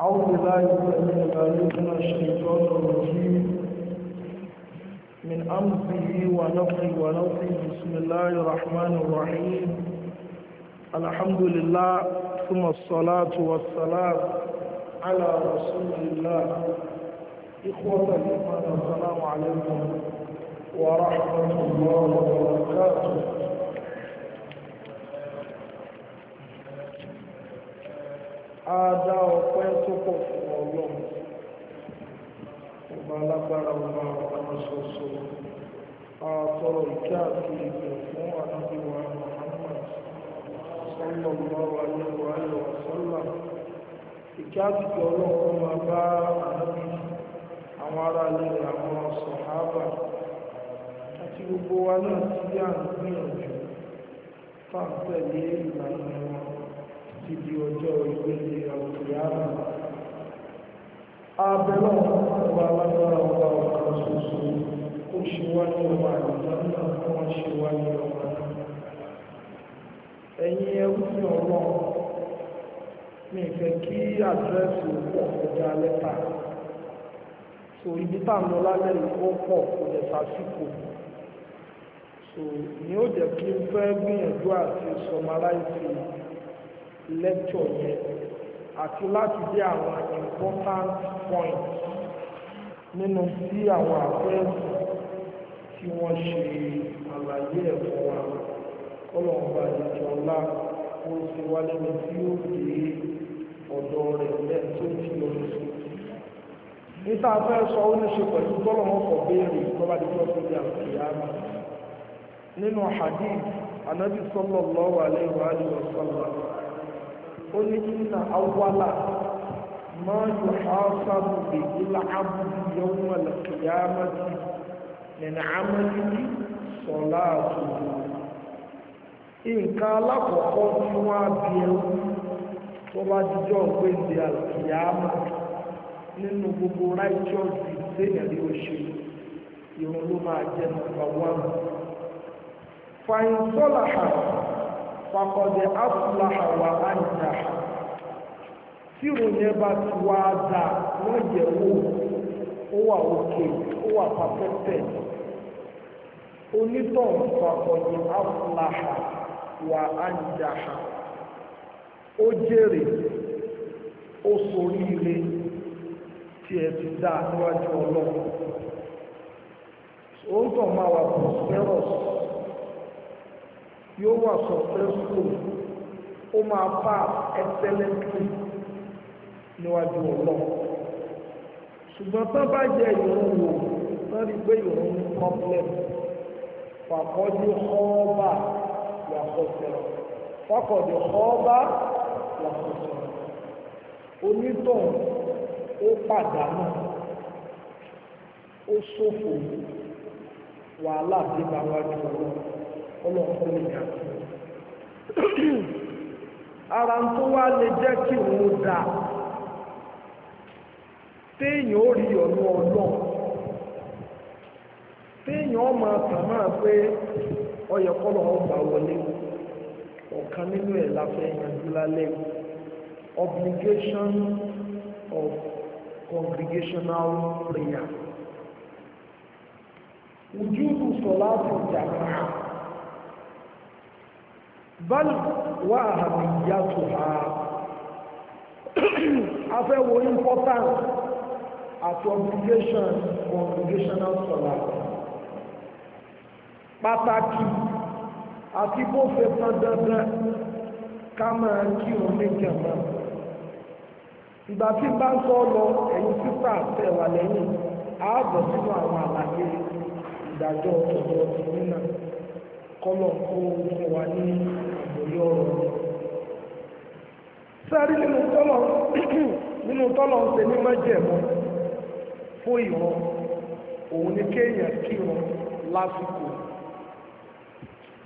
أعوذ بالله من العليم الشيطان الرجيم من أمره ونفسه ونفسه بسم الله الرحمن الرحيم الحمد لله ثم الصلاة والسلام على رسول الله إخوة الإيمان السلام عليكم ورحمة الله وبركاته á dá ọpẹ́ tó pọ̀ fún ọlọ́run ọba alágbára ọba ọba ṣoṣo ìkẹ́ àti ìgbẹ̀ fún àdúgbò àwọn ará ilé àwọn àti gbogbo wa náà gbìyànjú fáńtẹ̀lé ìlànà wọn títí ọjọ́ ìgbésí àwòrán abẹ́lọ́ ọba alágbára ọba ọ̀kan ṣoṣo ó ṣe wá ní ọmọ àgbàdo náà kí wọ́n ṣe wá ní ọmọ náà ẹ̀yin ẹrú ní ọlọ́run mi fẹ́ kí àdírẹ́sì pọ̀ kọjá lẹ́tà so ibi tá à ń lọ lálẹ́ yìí ó pọ̀ kò dẹ̀ sásìkò so ni ó jẹ́ kí n fẹ́ gbìyànjú àti sọmaláìsì lecture yẹn àti láti dé àwọn important points nínú tí àwọn àfẹ́ẹ̀sì tí wọ́n ṣe àlàyé ẹ̀fọ́ wa kọ́lọ̀ọ̀bà ìjọ ọlá ó ti wá lẹ́nu tí ó dé ọ̀dọ̀ rẹ̀ lẹ́nu tó ti lọ sí. níta fẹ́ sọ ó ní ṣe pẹ̀lú tọ́lọ̀wọ́n kọ̀ béèrè tọ́lá ìjọ tó di àkìyàmà nínú hadith anabi sallallahu alaihi wa sallam ó ní nínú awọ́lá máa yọ ọ́sàbù èyí làábù yẹn wọn lè kìyà mọ́tì nínú amẹ́lẹ́lì sọ̀lá àtúntò nǹkan alákọ̀ọ́kọ́ tí wọ́n á bí ẹrú tó bá jíjọ́ pé ìdí àlùkìyà mọ́ nínú gbogbo righteous ìgbéyàrí òṣèlú ìrun ló máa jẹ́ nípa wọn. fàyín sọ́là àrùn fakọ̀dẹ̀ afúláhà wà áńdà tí ìròyìn bá ti wá dà ụwa oke wò ó wà òkè ó wà pàfẹ́fẹ́ onítọ̀ o afúláhà wà áńdà ó jèrè ó tí ẹ ti dá níwájú ọlọ́run ó ń tọ̀ máa yóò wà successful ó máa pass excellently níwájú ọlọ́run ṣùgbọ́n tó bá jẹ ìrún wò tó rí pé ìrún ní problem fàkọ́jú ọba yàtọ̀sẹ̀rọ̀ fàkọ́jú ọba yàtọ̀sẹ̀rọ̀ onítọ̀ ó pàdánù ó ṣòfò wàhálà dé bá wájú ọlọ́run. ọlọ́pọ̀ nìkan ara tó wá lè jẹ́ kí òun dà téèyàn ó rí ọ̀nà ọlọ́ọ̀ téèyàn ó máa tàn máa pé ọyẹ kọ́lọ̀ ọgbà wọlé ọ̀kan nínú ẹ̀ la fẹ́ yanjú lálẹ́ obligation of congregational prayer. Ojúbù bal ya àhàmìyàtò ha afẹ́ important àti obligation congregational solar pàtàkì àti bó fẹ́ pọn dandan ká máa kí òun méjì náà ìgbà tí bá ń sọ lọ ẹ̀yin sísà tẹ̀ wà lẹ́yìn ààbọ̀ sínú àwọn àlàyé ìdájọ́ ọ̀tọ̀ọ̀tọ̀ nínà kọ́lọ̀ òye ọ̀rọ̀ sáré nínú tọ́lọ̀ nínú tọ́lọ̀ ń ṣe ní májẹ̀mọ́ fún ìrọ̀ òun ni kéèyàn kírun lásìkò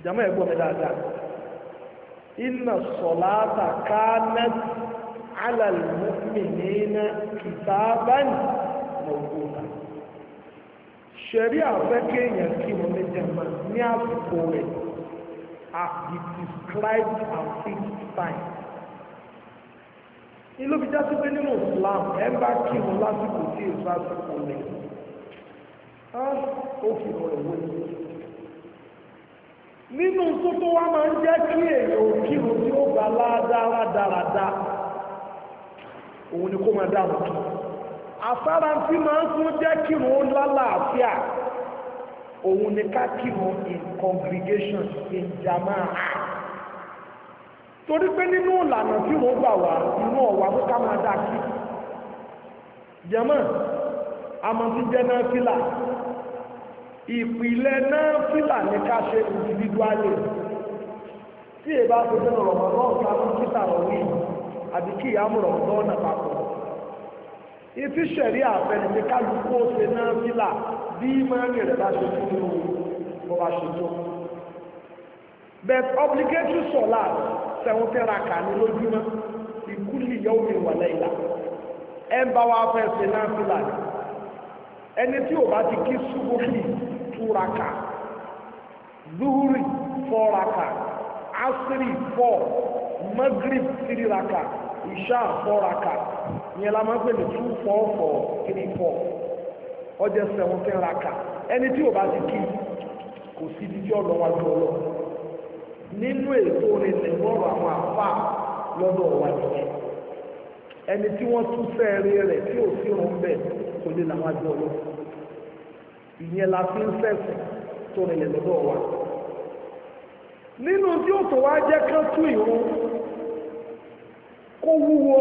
jàmọ́ ẹ̀gbọ́n mi dáadáa inna sọ̀láta kánẹ́t alàlùmọ́mìnínà kìtàbán mọ̀gbọ́nà ṣẹ̀rí àfẹ́ kéèyàn kírun ní ní àsìkò rẹ̀ as it described and fixed time ilé fi jásí pé nínú Islam ẹ bá kí wọn lásìkò tí èso àsìkò lẹ ó fi hàn ẹwọ yìí nínú tó tó wá máa ń jẹ́ kí èèyàn òkìrò tí ó gbà ládára dáradá òun ni kó máa dáhùn kí àsára tí máa ń tún jẹ́ kírun ó lálàáfíà òun ni ká kírun in congregation in jamaa torí pé nínú ìlànà tí wọ́n gbà wá inú ọ̀wà pé ká máa dá kí jẹ́mọ́ amọ̀tí jẹ́ náà fìlà ìpìlẹ̀ náà fìlà ní ká ṣe individually tí èbá tó fẹ́ rọ̀mọ̀ náà sábà títà ọ̀wí àbí kí ìyá mọ̀rọ̀ ọ̀dọ́ ọ̀nà papọ̀ ìtíṣẹ̀rí àfẹnìkálukú ó ṣe náà fìlà bí mọ́rin rẹ̀ bá ṣe tó lóòrùn bó bá ṣe tó but obligatory solar sẹ́wọ́n tẹ́ra kà ní lójúmọ́ ìkúlì yóò mi wà lẹ́yìnlá ẹ ń bá wa fẹ́ ṣe náà fìlà ẹni tí ò bá ti kí ṣubúkì túraka zuhuri fọ́raka asiri fọ́ magrib tiraka isha fọ́raka ìyẹn la máa ń pè ní two four four three four ọjọ́ seventeen raka ẹni tí ò bá ti kí kò sí ibi tí ọlọ́wà ju ọlọ́ nínú ètò onílẹ̀ lọ́rọ̀ àwọn àfà lọ́dọ̀ wa nìyẹn ẹni tí wọ́n tún sẹ́ẹ̀rí rẹ̀ tí ò sí òun bẹ̀ kò lè làwọn àjọ ọlọ́ ìyẹn la fi ń fẹ̀sìn tó nílẹ̀ lọ́dọ̀ wa nínú tí ó tó wá jẹ́ kán tú ìrún kó wúwo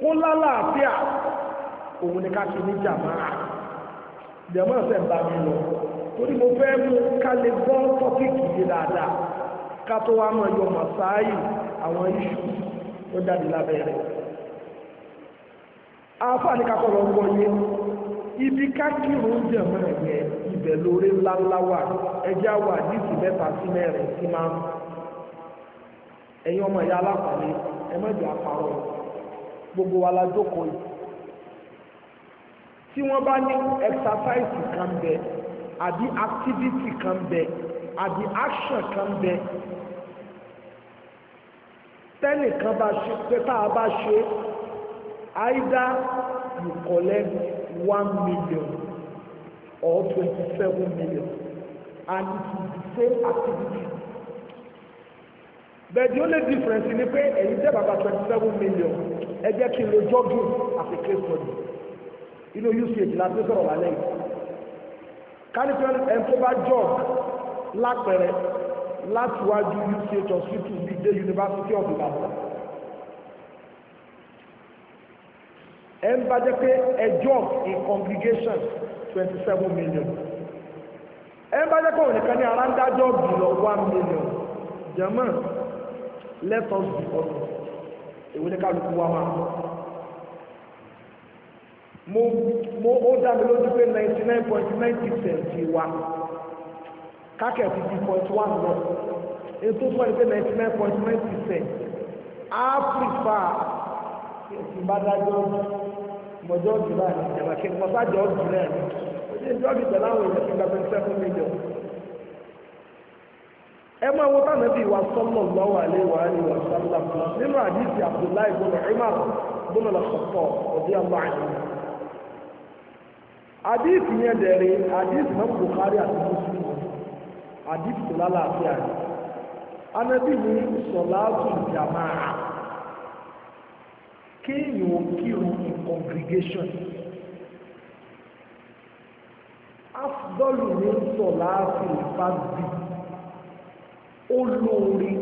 kó lálàáfíà òun ni ká ṣe ní jàmáà jàmáà fẹ́ bá mi lọ torí mo fẹ́ mú ká lè gbọ́ tọ́pìkì yìí dáadáa ká tó wá máa yọ màsáàyè àwọn iṣu tó jáde lábẹ́rẹ́ afa ni kakọ lọ gbọ́ yé ibi kákìrún jàmáà yẹn ibẹ̀ lórí ńláńlá wà ẹjẹ́ àwọn àdìsí mẹ́ta sí mẹ́rin sí máa ń ẹ̀yin ọmọ ìyá alápàlẹ́ ẹ mọ̀jọ àpárọ̀ gbogbo wa la jókòó yìí tí wọ́n bá ní exercise kan bẹ àbí activity kan bẹ àbí action kan bẹ tẹ́nìkan bá ṣe pé tá a bá ṣe either you collect one million or twenty-seven million and it is the same activity but the only difference ni pé ẹ̀yin jẹ́ bàbá twenty-seven million ẹ jẹ́ kí n lo jogging as a case study inú uch láti sọ̀rọ̀ lálẹ́ yìí kánífẹ́ ẹni tó bá jọ lápẹẹrẹ láti wájú uch hospital bíi dé University of Ibadan ẹ ń bá jẹ́ pé ẹ jọ in congregation twenty seven million ẹ ń bá jẹ́ pé òun nìkan ní ara ń one million jẹ́mọ̀ let us be honest èwo ní kálukú wa máa ń bọ̀ mo mo ó dá mi lójú pé ninety nine point nine percent wa kákẹ́ fifty point one lọ ètò fún ẹni pé ninety nine point nine percent á pèfà ìbádájọ́ mọ̀jọ́ jùlọ àti ìjọba kí ni mọ̀sá jọ jù o ni ó ṣe ń jọ́ọ̀dì pẹ̀lú àwọn èèyàn fún gbàgbé seven million. ẹ máa wo táwọn ẹbí wa sọ́nà lọ́wọ́ àlẹ́ wa àlẹ́ wa sọ́nà nínú àdìsí Abdullahi bọ́lá Umar bọ́lá lọ́sọ̀tọ̀ ọ̀dí àbáyé àdìsí yẹn dẹ̀rẹ̀ àdìsí náà Bukhari àti Muslim àdìsí tó lálàáfíà ni anabi ní sọláàtù jamaa kéèyàn ò kírun ní congregation afdọ́lù ní sọláàtù fàgbì olórí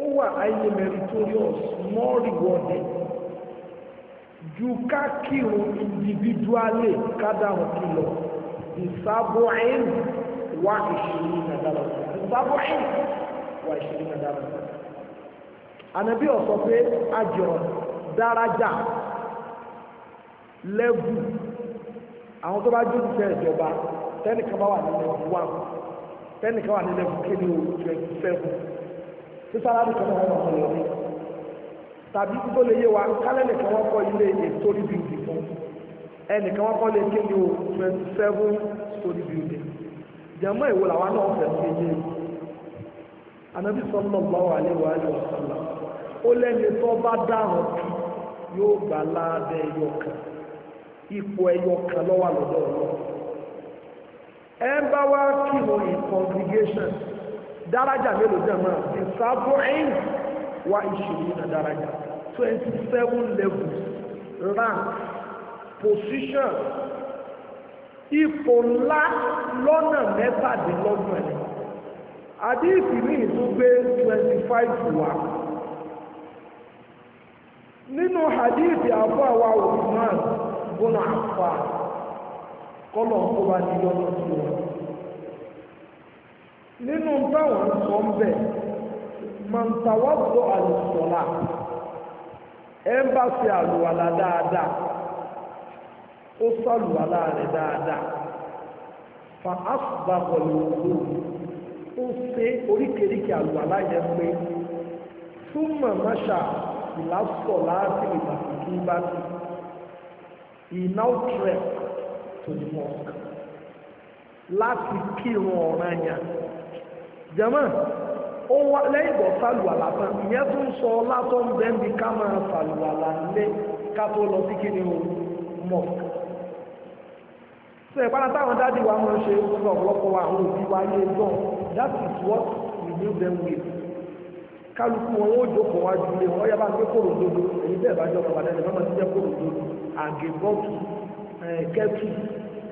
ó wà ayé meritorious more rewarded ju ká kírun individually kádàrún kìlọ ìsábọ̀ẹ́n wá ìṣèlú nàdàrọ̀ ìsábọ̀ẹ́n wá ìṣèlú nàdàrọ̀ ànàbí ọ̀sọ̀ pé àjọ dárájà lẹ́bù àwọn tó bá jókòó fẹ́ ìjọba tẹ́nìkan bá wà ní lẹ́bù one tẹ́nìkan wà ní lẹ́bù kéde o twenty seven sísára nìkan náà wọ́n wà lọ́wọ́ tàbí tó lè yé wa kálẹ̀ nìkan wọ́n kọ́ ilé story building fún ẹnìkan wọ́n kọ́ lè ké ní o twenty seven story building jẹ̀mọ́ ìwò làwọn náà fẹ́ ṣe yé anabi sallallahu alaihi wa alihi wasallam ó lẹ́ni tó bá dáhùn kí yóò gbà láàbẹ̀ ẹyọkàn ipò ẹyọkàn lọ́wọ́ lọ́dọ̀ ọ̀rọ̀ ẹ ń bá wá kírun in congregation dáràjà mélòó jẹ̀mọ́ ìsàbọ̀ ẹ̀yìn. wa ishirina daraja twenty seven levels rank position ipò ńlá lọ́nà mẹ́tàdínlọ́gbọ̀n ẹ̀ ní ìtúgbé twenty five nínú hadithi àbọ̀ àwa Uthman bọ́nà àfà kọ́lọ̀ kó bá ní lọ́nà tó wà nínú táwọn sọ ń bẹ̀ mọ̀ntàwọ́sọ àlùsọ̀là ẹ̀ńbàṣì àlùwàlà dáadáa ó sàlùwàlà rẹ̀ daadaa fa asùbàbọ̀ lòwò ó oríkèéríkèé àlùwàlà yẹn pé fún mọ̀máṣà ìlàsọ̀ láti ìbàkúkú bá ti he now trek to the láti kírun ó wá lẹ́yìn ìgbọ̀ tán ìyẹn tún sọ látọ̀ ń ká máa sàlùwàlà nílé ká lọ sí kí ni o mọ̀ so ìpara táwọn dáàdi wa máa ń ṣe fún ọ̀pọ̀lọpọ̀ àwọn òbí wa yé gan that is what we knew them with kálukú wọn ó jókòó wájú ilé wọn yábà gbé kóró dodo èyí bẹ́ẹ̀ bá jọ bàbá dẹ́dẹ́ bàbá jẹ́ kóró dodo àgébọ́tù kẹ́tù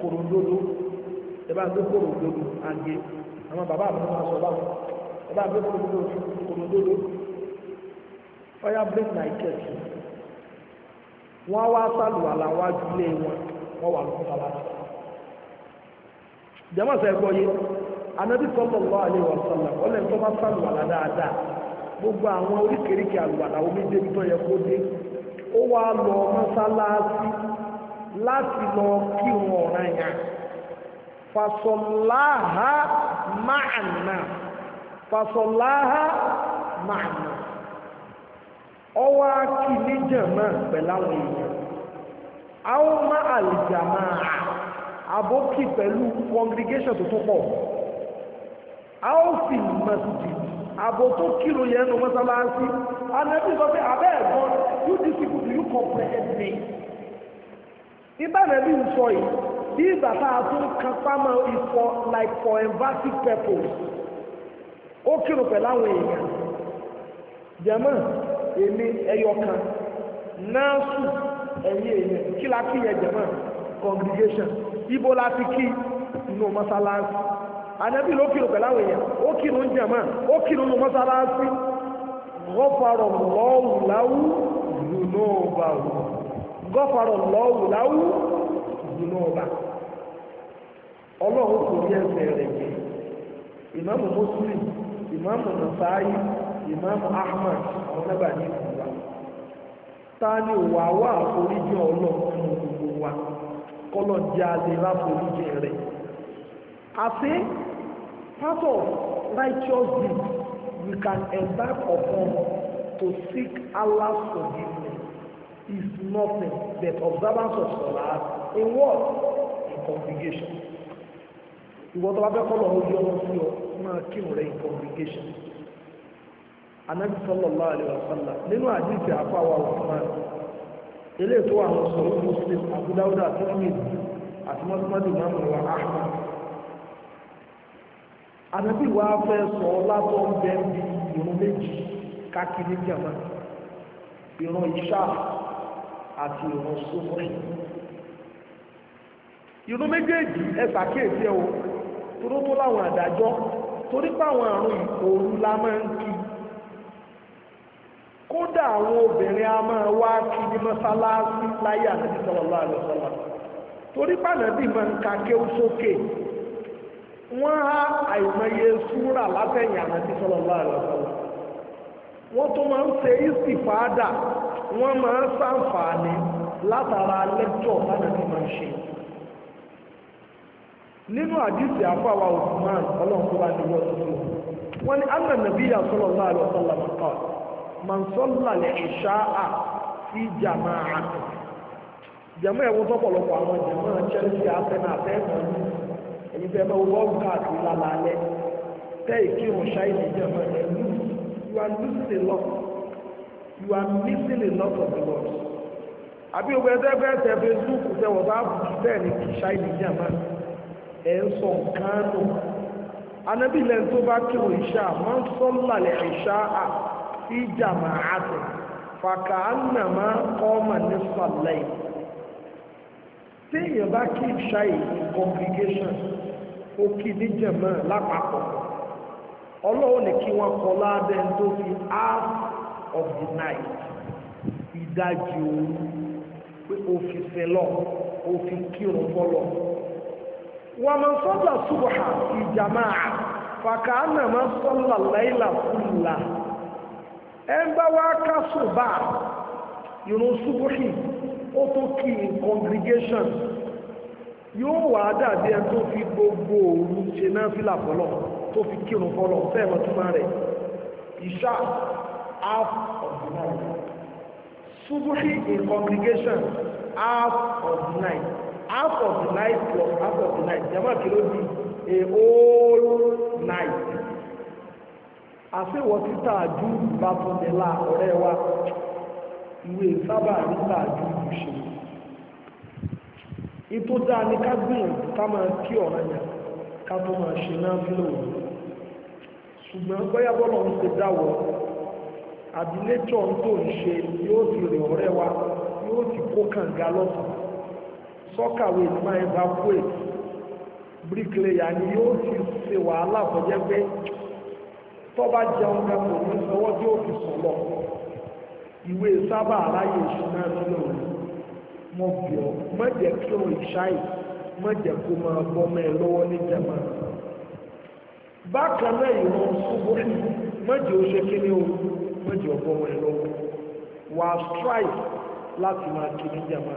kóró dodo ẹ bá gbé kóró dodo àgé àwọn bàbá àbúrò máa sọ báwọn. ọba àbẹ́kọ̀ òdodo òdodo ọya break my chest wọ́n á wá sálùwàlà wá jùlé wọn wọ́n wà lókùn sábà jẹ́mọ̀ sẹ́ gbọ́ yé anabi sallallahu alaihi gbogbo fasọláhà màmá ọwọ́ akí níjàmọ́ pẹ̀láwọn èèyàn àwọn má àlìjàmọ́ àbókì pẹ̀lú congregation tó tó pọ̀ àwọn sì mọ̀sí àbò tó kírò yẹn nù mọ́sálásí anábì sọ pé abẹ́ ẹ̀gbọ́n you difficult you comprehend me ibà nàbí ń sọ yìí bí ìgbà tá a tún kápá mọ́ ìfọ like for emphatic purpose. ó kírun pẹ̀lú àwọn èèyàn jẹ̀mọ́ èmi ẹyọ kan nọ́ọ̀sù ẹ̀yìn èèyàn kí la kí yẹ congregation ibo la ti kí inú mọ́sálásí ànábì ló pẹ̀lú àwọn èèyàn ó kírun jẹ̀mọ́ ó ìmáàmù Nasa'i ìmáàmù Ahmad àwọn mẹ́bàá ní ìlú wa ta ni òwà wà àforíjì ọlọ́run fún gbogbo wa kọ́lọ̀ jẹ́ alẹ́ láforíjì rẹ̀ àti part of righteous deed we can embark upon to seek Allah's forgiveness is nothing but observance of Salah in what? In congregation ìwọ tó bá fẹ́ kọ́ lọ́wọ́ yọ ọ́ sí ọ máa kírun rẹ̀ in congregation anabi sallallahu alaihi wasallam nínú àdìsí àfáwà ọ̀sán ilé tó àwọn sọ̀rọ̀ muslim abudawuda àti smith àti mọ́tòmọ́tò máa mọ̀ wá ahmed anabi wa fẹ́ sọ látọ̀ bẹ́ẹ̀ bí irun méjì káàkiri jama ìran ìṣá àti ìran sómọ́ṣì irun méjèèjì ẹ ṣàkíyèsí ẹ o tó tó láwọn àdájọ́ torí páwọn àrùn òru la máa ń kí kódà àwọn obìnrin a máa wá kí ní mọ́sálásí láyé àti sallallahu alaihi wasallam torí pàdánù ìmọ̀ nǹkan kéwú sókè wọ́n á àìmọye súrà látẹ̀yìn àti sallallahu alaihi wasallam wọ́n tó máa ń ṣe ìsìfàádà wọ́n máa ń ṣàǹfààní látara lẹ́kítọ̀ láti máa ń ṣe nínú àdìsí àfàwà Usman ọlọ́run tó bá ní wọ́n tó wọ́n ní anna nabiya sallallahu alaihi wasallam qala man salla al-isha'a fi jama'a jama ẹ̀wọ̀n tọ́pọ̀lọpọ̀ àwọn jama Chelsea atẹ́nà atẹ́nà èyí tẹ́ bá wọ́n káàkiri lálẹ́ tẹ́ ìkírun ṣáì ní jama ẹ̀ lùs you are losing a lot you are missing a lot of the world àbí ògbẹ́sẹ̀gbẹ́sẹ̀ Facebook tẹ WhatsApp tẹ́ ní ṣáì ní jama ẹ̀ ẹ̀ ń sọ nǹkan nù anabi lẹ́yìn tó bá kírun ìṣá máa ń sọ́là lẹ̀ ìṣá à sí jàmà àtẹ̀ fàkà ànà máa ń kọ́ mà ní sàlẹ̀ téèyàn bá kí ìṣá yìí congregation ó kí ní jàmà lápapọ̀ ọlọ́run ní kí wọ́n kọ́ ládẹ́ tó fi half of the night ìdajì òru pé òfìfẹ́ lọ òfin kírun fọlọ́ wọ́n mọ̀ sọ́lá ṣubọ̀há ìjàmáà fàkàánà mọ̀ sọ́lá láìlà fúlà ẹ ń bá wá kásù bá ìrun ṣubọ̀hì ó tó kí in congregation yóò wà dàbí ẹ tó fi gbogbo òru ṣe náà fìlà fọlọ tó fi kírun fọlọ fẹ́ẹ̀mọ̀ tó máa rẹ̀ ìṣá half of the night ṣubọ̀hì in congregation half of the night. half of the night plus out of the night jama kìló di a whole night àfihàn títà ju bàtúndínlá ọ̀rẹ́ wa ìwé sábà níta ju ìṣe ètò dáa ní ká gbìyànjú ká máa kí ọ̀rọ̀ yẹn ká tó máa ṣe náà fílò wọn ṣùgbọ́n bóyá ń ṣe dáwọ́ nature ń tó ń ṣe yóò ti ọ̀rẹ́ wa yóò ti kó kànga lọ́sàn sọ́kàwé ìtumá evacuate bricklayer ni yóò ti ṣe wàhálà fọ́jẹ́ pé tọ́ba jẹun kan kò ní sanwó tí ó fi sùn lọ ìwé sábà aráyè ìṣúná nílò mọ bí ọ má jẹ́ kí ọ ìṣáì má jẹ́ kó máa bọ́ mọ́ ẹ lọ́wọ́ ní jẹmọ bákan náà ìran ṣubú má jẹ́ ó ṣe kí ni o má jẹ́ ọ bọ́ mọ́ ẹ lọ́wọ́ wàá strive láti máa kí ní jẹmọ.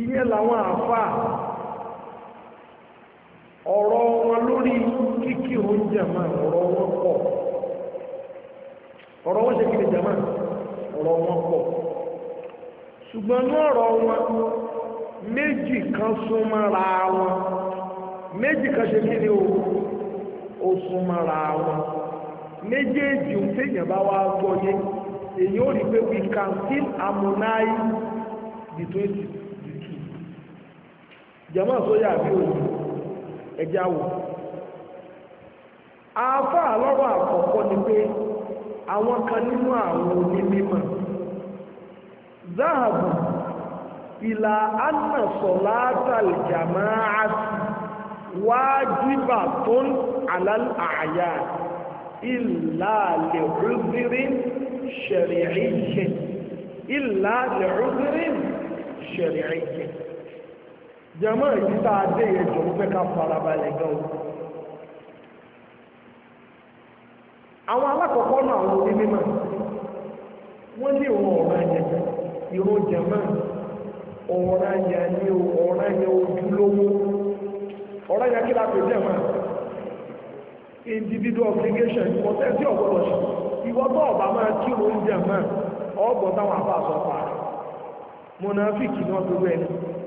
ìyẹn làwọn àfà ọ̀rọ̀ wọn lórí kíkí oúnjẹ máa ọ̀rọ̀ wọn pọ̀ ọ̀rọ̀ wọn ṣe kí ni jama ọ̀rọ̀ wọn pọ̀ ṣùgbọ́n ní ọ̀rọ̀ wọn méjì kan súnmọ́ra wọn méjì kan ṣe kí ni o ó súnmọ́ra wọn méjèèjì ń téèyàn bá wá gbọ́ yé èyí ó rí pé we can still harmonize the two jẹmọ́ sóyà àbí òní ẹjá wò àáfà lọ́rọ̀ àkọ́kọ́ ni pé àwọn kan nínú àwọn onímọ̀ záàbù ìlà anna sọ̀látàlì jàmáà wájúbà tó ń àlàl àyà ìlà lè rúbírin ṣẹ̀rẹ̀ ìṣẹ̀ ìlà lè rúbírin ṣẹ̀rẹ̀ ìṣẹ̀ jẹmọ́ èyí tá a dé yẹn jọ̀wọ́ fẹ́ ká farabalẹ̀ gan o àwọn alákọ̀ọ́kọ́ náà àwọn orí mímọ̀ wọ́n ní ìwọ̀n ọ̀rọ̀ ẹ̀yẹ ìró jẹmọ́ ọ̀rọ̀ ẹ̀yẹ ojúlówó kí individual obligation ìwọ̀tẹ́ tí ọ̀gbọ́dọ̀ ṣe ìwọ́tọ̀ ọba máa kí oúnjẹ àbá náà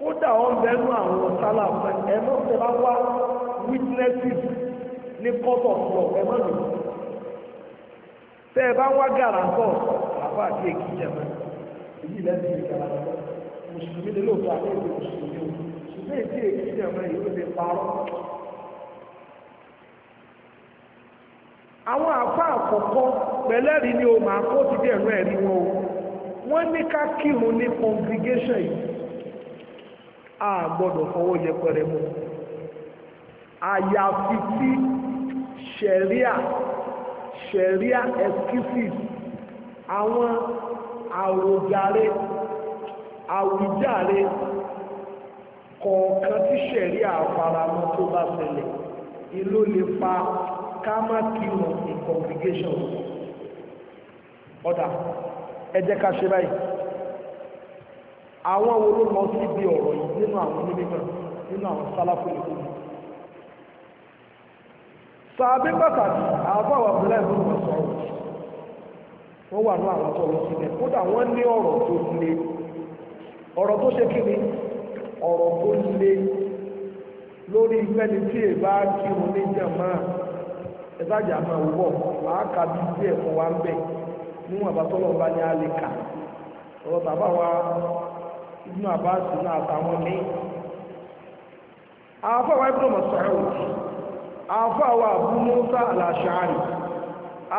kódà wọn bẹnu àwọn sálà fún ẹ mọ fẹ bá wá witnesses ní court of law ẹ mọ nù tẹ ẹ bá wá gàràǹtọ àbá àti èkì jẹmọ èyí lẹsìn ìgàràǹtọ mùsùlùmí lè lóòótọ́ àti èdè mùsùlùmí o ṣùgbọ́n èdè èkì jẹmọ èyí ló lè parọ́. àwọn àfa àkọ́kọ́ pẹ̀lẹ́rìí ni o màá kó ti dẹ̀rùn ẹ̀rí wọn o wọ́n ní ká kírun ní congregation yìí a gbọ́dọ̀ fọwọ́ yẹpẹrẹ mú àyàfi tí ṣẹ̀ríà ṣẹ̀ríà excuses àwọn àwòjáre àwùjáre kọ̀ọ̀kan tí ṣẹ̀ríà faramọ́ tó bá ṣẹlẹ̀ ìlú lè fa kámá kí wọn ní congregation ọ̀dà ẹ jẹ́ ká ṣe báyìí. àwọn wo ló lọ sí ibi ọ̀rọ̀ yìí nínú àwọn onímọ̀ nínú àwọn sálàfù ìlú sàbí pàtàkì àbáwọ̀ abúlẹ̀ ìlú wọn sọ̀rọ̀ wọ́n wà ní àwọn tó lọ sílẹ̀ kódà wọ́n ní ọ̀rọ̀ tó le ọ̀rọ̀ tó ṣe kí ọ̀rọ̀ tó le lórí ìfẹ́ni tí èbá kírun ní jàmá ẹ̀sájà máa wọ̀ bí wa ń bẹ̀ níwọ̀n àbátọ́lọ́ bá ní kà ibùdó àbáṣe náà àtàwọn ní àáfà wa ibùdó mọ̀sọ̀rọ̀ àáfà wa Abu Musa al-Ash'ari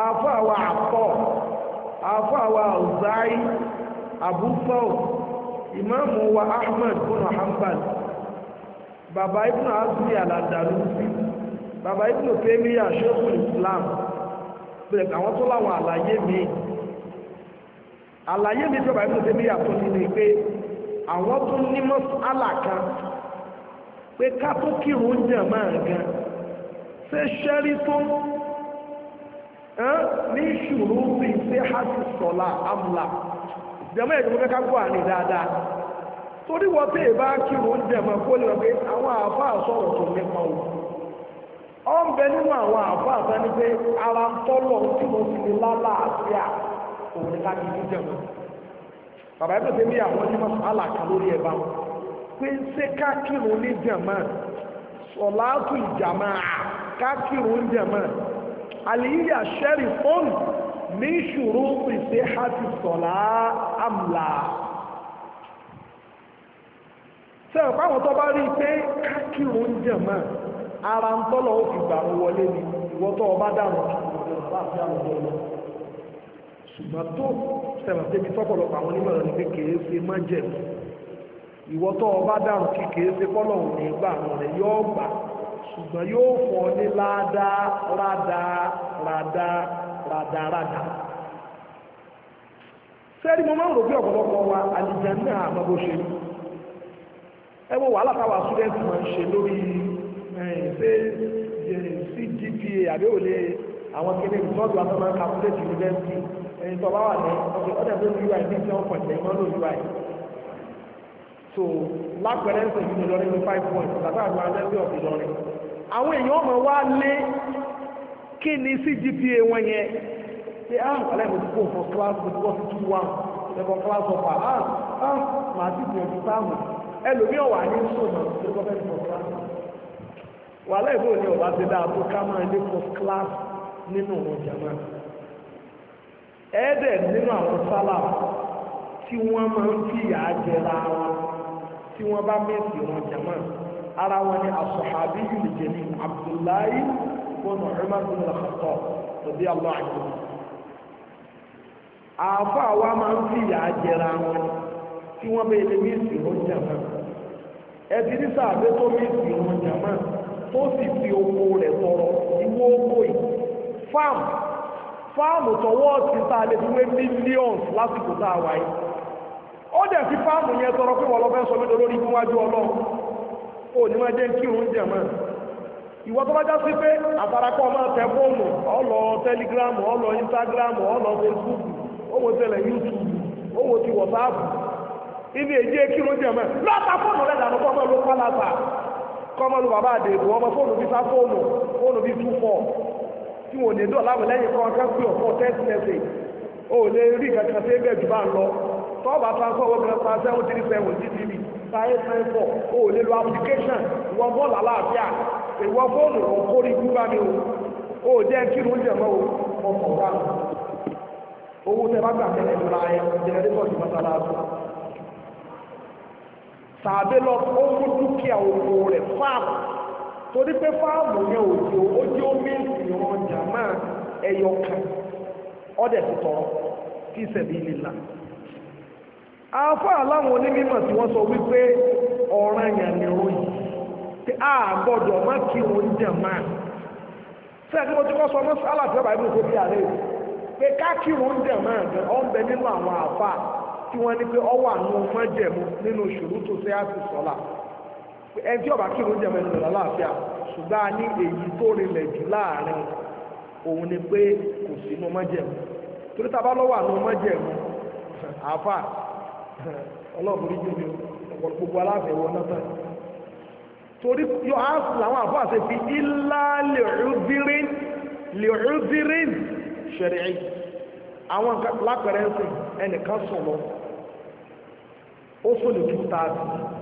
àáfà wa àpọ̀ àáfà wa ọ̀záì àbúfọ́ ìmáàmù wa Ahmad bin Hanbal bàbá ibùdó azmi al-Andalusi bàbá ibùdó fẹ́mi àṣẹ́kù Islam bẹ̀rẹ̀ àwọn tó láwọn àlàyé mi àlàyé mi tó bàbá ibùdó fẹ́mi àtúndì ni pé àwọn tó ní alaka pé ká tó máa gan ṣé ṣẹ́rí tó ní ṣùrù sí ṣé hásì sọ̀la amúlà jẹ̀mọ́ ẹ̀jẹ̀ mo fẹ́ ká dáadáa torí wọ́n tẹ̀ bá kírun jẹ̀mọ́ kó lè pé àwọn àáfàá sọ̀rọ̀ tó nípa òun ọ ń bẹ nínú àwọn pé ara ń bàbá yẹn tẹ̀lé àwọn onímọ̀ sàálà kan lórí ẹ̀ báwọn pé ṣé kákìrún ní jàmá sọ̀láàtù ìjàmá kákìrún jàmá àlìyíyà sẹ́rì fóònù ní ìṣòro pèsè àti sọ̀lá àmlà sẹ́wọ̀n fáwọn tó bá rí i pé kákìrún jàmá ara ń tọ́lọ̀ ó fi gbà wọlé ni ìwọ́tọ̀ ọba dàrú ọba àti àwọn ọ̀dọ́ ṣùgbọ́n tó sẹ̀wọ̀n débi tọ́pọ̀lọpọ̀ àwọn onímọ̀ràn ni pé kèé ṣe má jẹ̀ ìwọ tó o bá dàrú kí kèé ṣe kọ́lọ̀ ò ní gbà àwọn rẹ̀ yóò gbà ṣùgbọ́n yóò fọ ní ládá rádá rádá rádá rádá sẹ́rí mo máa ń rò bí ọ̀pọ̀lọpọ̀ wa àlìjẹ́ náà àmọ́ bó ṣe ẹ wo wàhálà táwa student máa ń ṣe lórí ṣe cgpa àbí ẹni tó bá wà ní ọdẹ ọdẹ tó ní ui ní ìṣẹ́ ọ̀pọ̀ ìṣẹ́ ìmọ̀ ló ui so lápẹẹrẹ ń sọ ìdíje lọrin ní five points tàbí àwọn alẹ́bí ọ̀dẹ lọrin àwọn èèyàn ọmọ wa lé kí ni cgpa wọn yẹn ṣe ah wàlẹ́ mo ti kó for class mo ti kó sí two one second class of ah ah màá ti gbìyànjú sáàmù ẹlòmíràn wà ní sùn náà ṣe kọ́ fẹ́ẹ́ for class wàlẹ́ ìbò ni ọ̀bá ti dáa tó ká máa lé for class nínú ọ̀rọ̀ ẹ̀ẹ́dẹ̀ nínú àwọn sálà tí wọ́n máa ń fìyà jẹra wọn tí wọ́n bá mẹ́sì wọn jẹ̀mọ́ ara wọn ni asọ̀hábí yìí abdullahi bọ́nà umar bin al-khattab tàbí allah akbar àáfà wa máa ń fìyà jẹra wọn tí wọ́n bẹ ilé mẹ́sì wọn jẹ̀mọ́ ẹbí ní sàbẹ́ tó mẹ́sì wọn jẹ̀mọ́ tó sì fi oko rẹ̀ tọrọ ìwọ oko yìí fáàmù fáàmù tọwọ́ ti tá a lè fi wé millions lásìkò tá a wà yìí ó dẹ̀ fi fáàmù yẹn tọrọ pé wọ́n lọ fẹ́ sọ mí lórí níwájú ọlọ́run ó ní wọ́n jẹ́ kí òun jẹ̀ mọ́ ìwọ tó bá já sí pé àtàràkọ́ máa tẹ fóònù ọlọ telegram ọlọ instagram ọlọ facebook owó tẹlẹ youtube owó ti whatsapp ibi èjì kí òun jẹ̀ mọ́ lọ́ta fóònù rẹ̀ dànù kọ́mọ ló kọ́ lásà kọ́mọ ló bàbá àdèbò ọmọ fóònù bíi sá fóònù fóònù bíi two four tí wọn lè dọ̀ láwọn lẹ́yìn kan pé ọ̀pọ̀ tẹ́sí o lè rí kankan tó bẹ̀ jù bá ń lọ tọ́ọ̀bà wọ́n kan pa o lè application fóònù ni o o jẹ́ kí ló ń mọ́ o ọkọ̀ wa owó tẹ́ bá gbà tẹ́lẹ̀ ló ra ẹ torí pé fáàmù yẹn òjò ojú omi ìrìn ọjà máa ẹyọ kan ọdẹ̀ ti tọrọ tí ìṣẹ̀lẹ̀ ilé la onímọ̀ tí sọ wípé ọ̀ràn ni ròyìn tí a gbọ́dọ̀ má kí wọn máa sẹ́ẹ̀kí mo ti kọ́ sọ ọmọ aláàfin ọba ìbùkún wọn máa nínú àwọn tí wọ́n ní pé àánú nínú ṣòro tó ẹni tí ọba kírun jẹ́ mẹ́rin lọ́la láàfíà ṣùgbọ́n a ní èyí tó rinlẹ̀ jù láàrin òun ni pé kò sínú mọ́jẹ̀mú torí tá a bá lọ́wọ́ àánú mọ́jẹ̀mú àáfà ọlọ́ọ̀bùrí jù mí ọ̀pọ̀lọpọ̀ gbogbo aláfẹ̀wọ́ náà tán torí yóò á sùn àáfà ṣe fi ilá lèhùdírín lèhùdírín ṣẹ̀rẹ̀ àwọn lápẹ̀rẹ̀ ẹnìkan sùn lọ ó sùn lè tún tààtì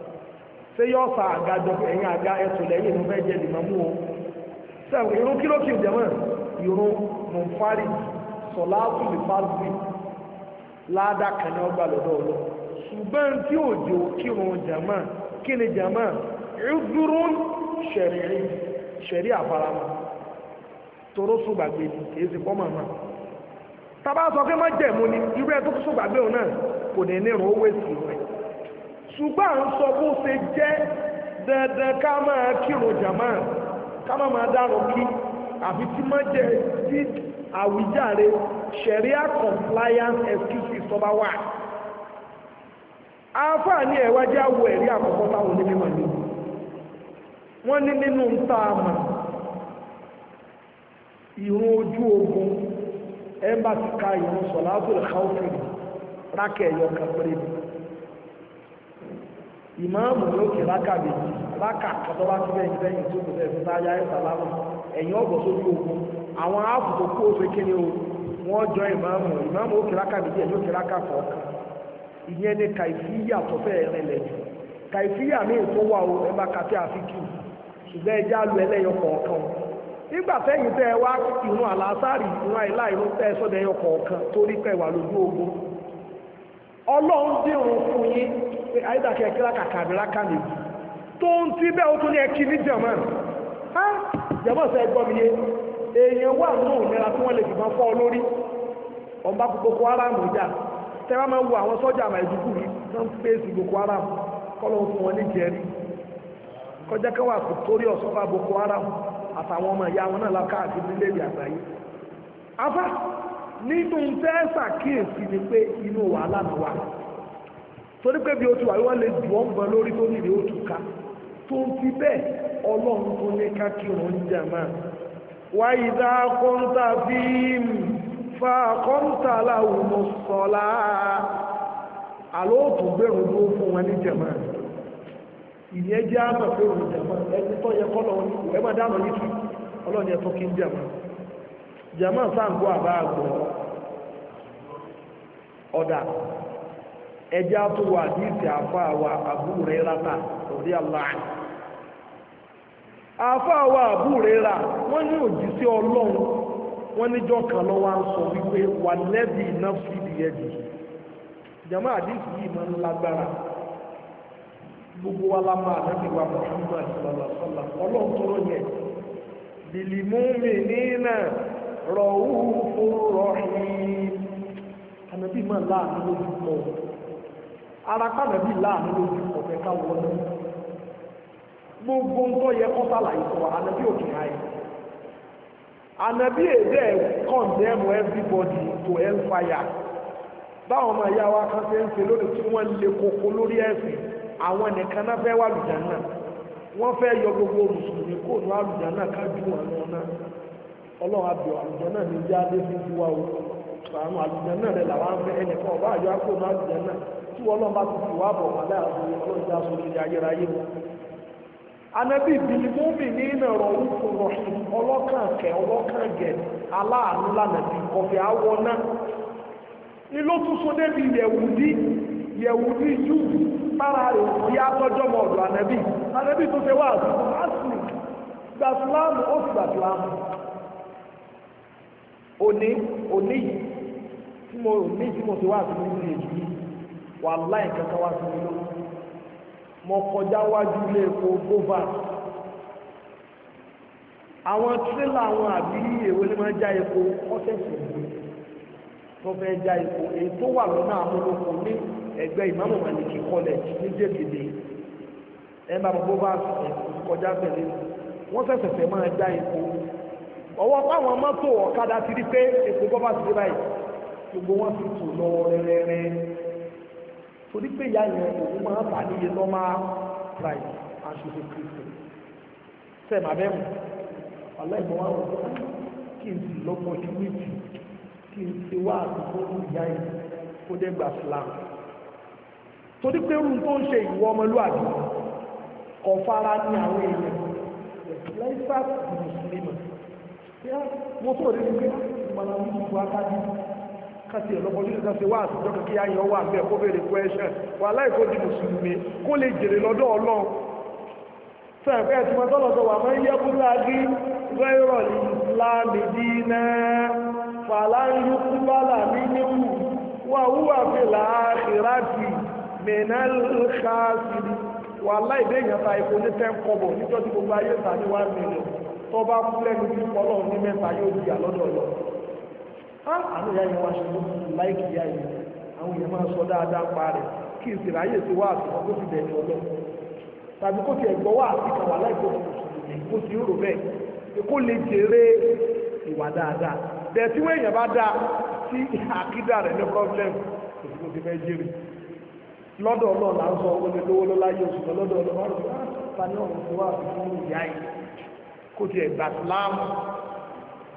ṣé yọ fa àga jọ ẹ̀yìn àga ẹ̀tù lẹ́yìn mo fẹ́ jẹ ìmọ̀ mú o sẹ́wọ̀n irun kí ló kì í jẹ̀mọ́ irun mọ̀nfárì sọ̀láàtù lè fásitì ládà kan ní ọgbà lọ́dọ̀ ọ̀lọ́ ṣùgbọ́n tí òjò kírun jẹ̀mọ́ kí ni jẹ̀mọ́ ìdúrún ṣẹ̀rí ṣẹ̀rí àfaramọ́ toró sùgbàgbé ni kì í sì pọ́ màmá tábà sọ pé má jẹ̀mú ni irú ẹ̀ tó sùgbàgbé òun náà kò ní ní irun ó rẹ̀ ṣùgbọ́n à ń sọ bó ṣe jẹ́ dandan ká máa kírun jàmá ká má máa dárun kí àfi tí má jẹ tí àwíjàre sharia compliance excuses tó bá wà àǹfààní ẹ̀wájú àwọ̀ ẹ̀rí àkọ́kọ́ táwọn onímọ̀ ní wọ́n ní nínú ń tá a mọ̀ ìrún ojú ogun ẹ̀ ń bá ti ka ìrún sọ̀lá tó lè káwọ́ fèrè rákẹ̀ ẹ̀yọ kan péré ni ìmáàmù ló kì láka méjì láka kọtọ́ bá ti bẹ́yìn bẹ́yìn tó kù sẹ́yìn tá yá ẹ̀sà lámà ẹ̀yìn ọ̀gbọ̀ sórí ogun àwọn áàpù tó kú òfin kíni o wọ́n jọ ìmáàmù ìmáàmù ó kì láka méjì ẹ̀yìn ó kì láka kọ̀ọ̀kan ìyẹn ni kàìfíyà tó fẹ́ rẹlẹ̀ jù kàìfíyà míì tó wà o ẹ bá ka tí a fi kì ṣùgbọ́n ẹjẹ́ alu ẹlẹ́yọ kọ̀ọ̀kan nígbà tẹ́yìn tẹ́ ẹ wá ìrun àlàásàrì ìrun àìlá ìrun tẹ́ ẹ sọ́dọ̀ ẹyọ kọ̀ọ̀kan torí pẹ́ wà lójú ogun ọlọ́run dìrun fún yín àyídàkẹ́ kíláka kàbílá kàmì tó ń tí bẹ́ẹ̀ ó tún ní ẹkí ní german ha jẹ́bọ́ sẹ́ gbọ́ mi yé èèyàn wà nínú ìnira tí wọ́n lè fìbọn fọ́ ọba Boko Haram máa wo àwọn sọ́jà àmà ìdúkù ń Haram fún wọn ní kọjá káwà kò torí Boko Haram àtàwọn ọmọ ìyá wọn náà lọ káàkiri nílé Afa nínú kíyèsí ni pé inú wàhálà torí pé bí o tún àríwá lè dùn ọ̀gbọ̀n lórí tó nìyí ó tún ká tó ń fi bẹ́ẹ̀ ọlọ́run tó ní ká kí òun jà máa wá ìdá kọ́ńtà fíìmù fa kọ́ńtà láwùmọ̀ sọ́lá àlóòtú gbẹ̀rún ló fún wọn ní jàmá ìyẹn jẹ́ àmà pé òun ẹni tó yẹ ẹ dáná ọlọ́run yẹ tó kí ń àbá àgbọ̀ ẹjẹ́ àtúwò àdíìsì àfáàwà àbúrẹ́ rátà lórí aláà àfáàwà àbúrẹ́ rà wọ́n ní òjíṣẹ́ ọlọ́run wọ́n níjọ́ kan lọ́wọ́ à ń sọ wípé wà lẹ́bí iná fìdí ẹ̀dì jama àdíìsì yìí máa ń lágbára gbogbo wa la máa lẹ́bí wa Muhammad sallallahu sallam ọlọ́run tọrọ yẹn bìlìmú mi nínà rọ̀wú fún rọ̀hìn ànábì máa láàánú lójú pọ̀ ara pàdàbí láàánú lójú ọ̀fẹ́ káwọ́ náà gbogbo ń yẹ kọ́ sàlàyé sọ ànàbí òkè ayé ànàbí èdè condemn everybody to hellfire báwọn ọmọ ìyá wa kan ṣe ń ṣe lónìí tí wọ́n lè koko lórí ẹ̀sìn àwọn nìkan náà fẹ́ wà lùjà yọ gbogbo mùsùlùmí kó náà ọlọ́run náà ní ìyá adé fi wá o àwọn náà làwọn afẹ́ ẹnìkan tí wọ́n lọ́n bá ti fi wábọ̀ pàdé àwọn ọlọ́jà sórí ilẹ̀ ayérayé wọn anabi bíi múmi ní ìmọ̀ràn orúkọ rọ̀hìn ọlọ́kàn kẹ ọlọ́kàn gẹ aláàánú lànàbí kọfẹ́ àwọ̀ náà iló tún so débi yẹ̀wùdí yẹ̀wùdí yú tára rẹ̀ sí atọ́jọ́mọ̀ ọ̀dọ̀ anabi anabi tó fẹ́ wá àsìkò asìlì gbàsílámù ó sì gbàsílámù òní òní tí mo òní tí mo ti wá àsìkò nílé yìí wà láì kankan wá sí ilé mo kọjá wájú ilé epo gova àwọn tírélà àwọn àbí èwe ni máa ń já epo ọ́sẹ̀sì tó fẹ́ já epo èyí tó wà lọ́nà àmúlòkọ ní ẹgbẹ́ ìmáàmù Màlìkì college ní jẹ́gẹ̀dẹ̀ ẹ̀ ń bá gbogbo bá kọjá pẹ̀lú wọ́n sẹ̀sẹ̀ fẹ́ máa já epo ọwọ́ táwọn mọ́tò ọ̀kadà ti rí pé epo gọ́bà ti dé báyìí gbogbo wọn ti tù lọ rẹ́rẹ́rẹ́ torí pé ìyá yẹn òun máa ń tà níye normal price and she dey pay for it sẹ́ẹ̀ máa bẹ́ẹ̀ mú ọlọ́ọ̀gbọ́n wa wọ̀ kí n sì lọ́pọ̀ ju méjì kí n ṣe wá àdúgbò ìyá yẹn kó dé gbà slam torí pé irun tó ń ṣe ìwọ ọmọlúwàbí ọ̀fara ni àwọn èèyàn lẹ́sàtì mùsùlùmí mo tó rí pé ìmọ̀lá mi ti bu akájú kásì ọ̀lọ́pọ̀jú nìkan ṣe wá àtijọ́ kí á yan wà bẹ́ẹ̀ kó béèrè question wà láìkó di mùsùlùmí kó lè jèrè lọ́dọ̀ ọlọ́run sẹ́ẹ̀fẹ́ ẹ̀tí mọ́ tọ́lọ̀tọ̀ wà máa ń yẹ́ kúrò agí rẹ́rọ̀ ìsìláàmì dínà fàláyú kúbálà nínú wà wúwà fi láàkìráàtì mẹ́nàlùkásìrì wà láìdé ìyànta ipò ní tẹ́ńkọ̀bọ̀ níjọ́ tí gbogbo ayé tàbí wà mílíọ̀n tó bá kú lẹ́nu tí pọ́lọ̀ ní mẹ́ta yóò di àlọ́dọ̀ lọ Ah, àwọn ìyá yẹn ṣe mú láìkì ìyá yẹn àwọn èèyàn máa sọ dáadáa pa rẹ̀ kí n sì ráyè sí wá àti wọn kó bẹ̀rẹ̀ ọlọ́ tàbí kó ti ẹ̀gbọ́ wá àti kan wà láìpẹ́ kó rò bẹ́ẹ̀ kó lè jèrè ìwà dáadáa bẹ́ẹ̀ tí wọ́n èèyàn bá àkídà rẹ̀ ní problem ti fẹ́ jèrè lọ́dọ̀ là ń sọ lówó lọ́lá lọ́dọ̀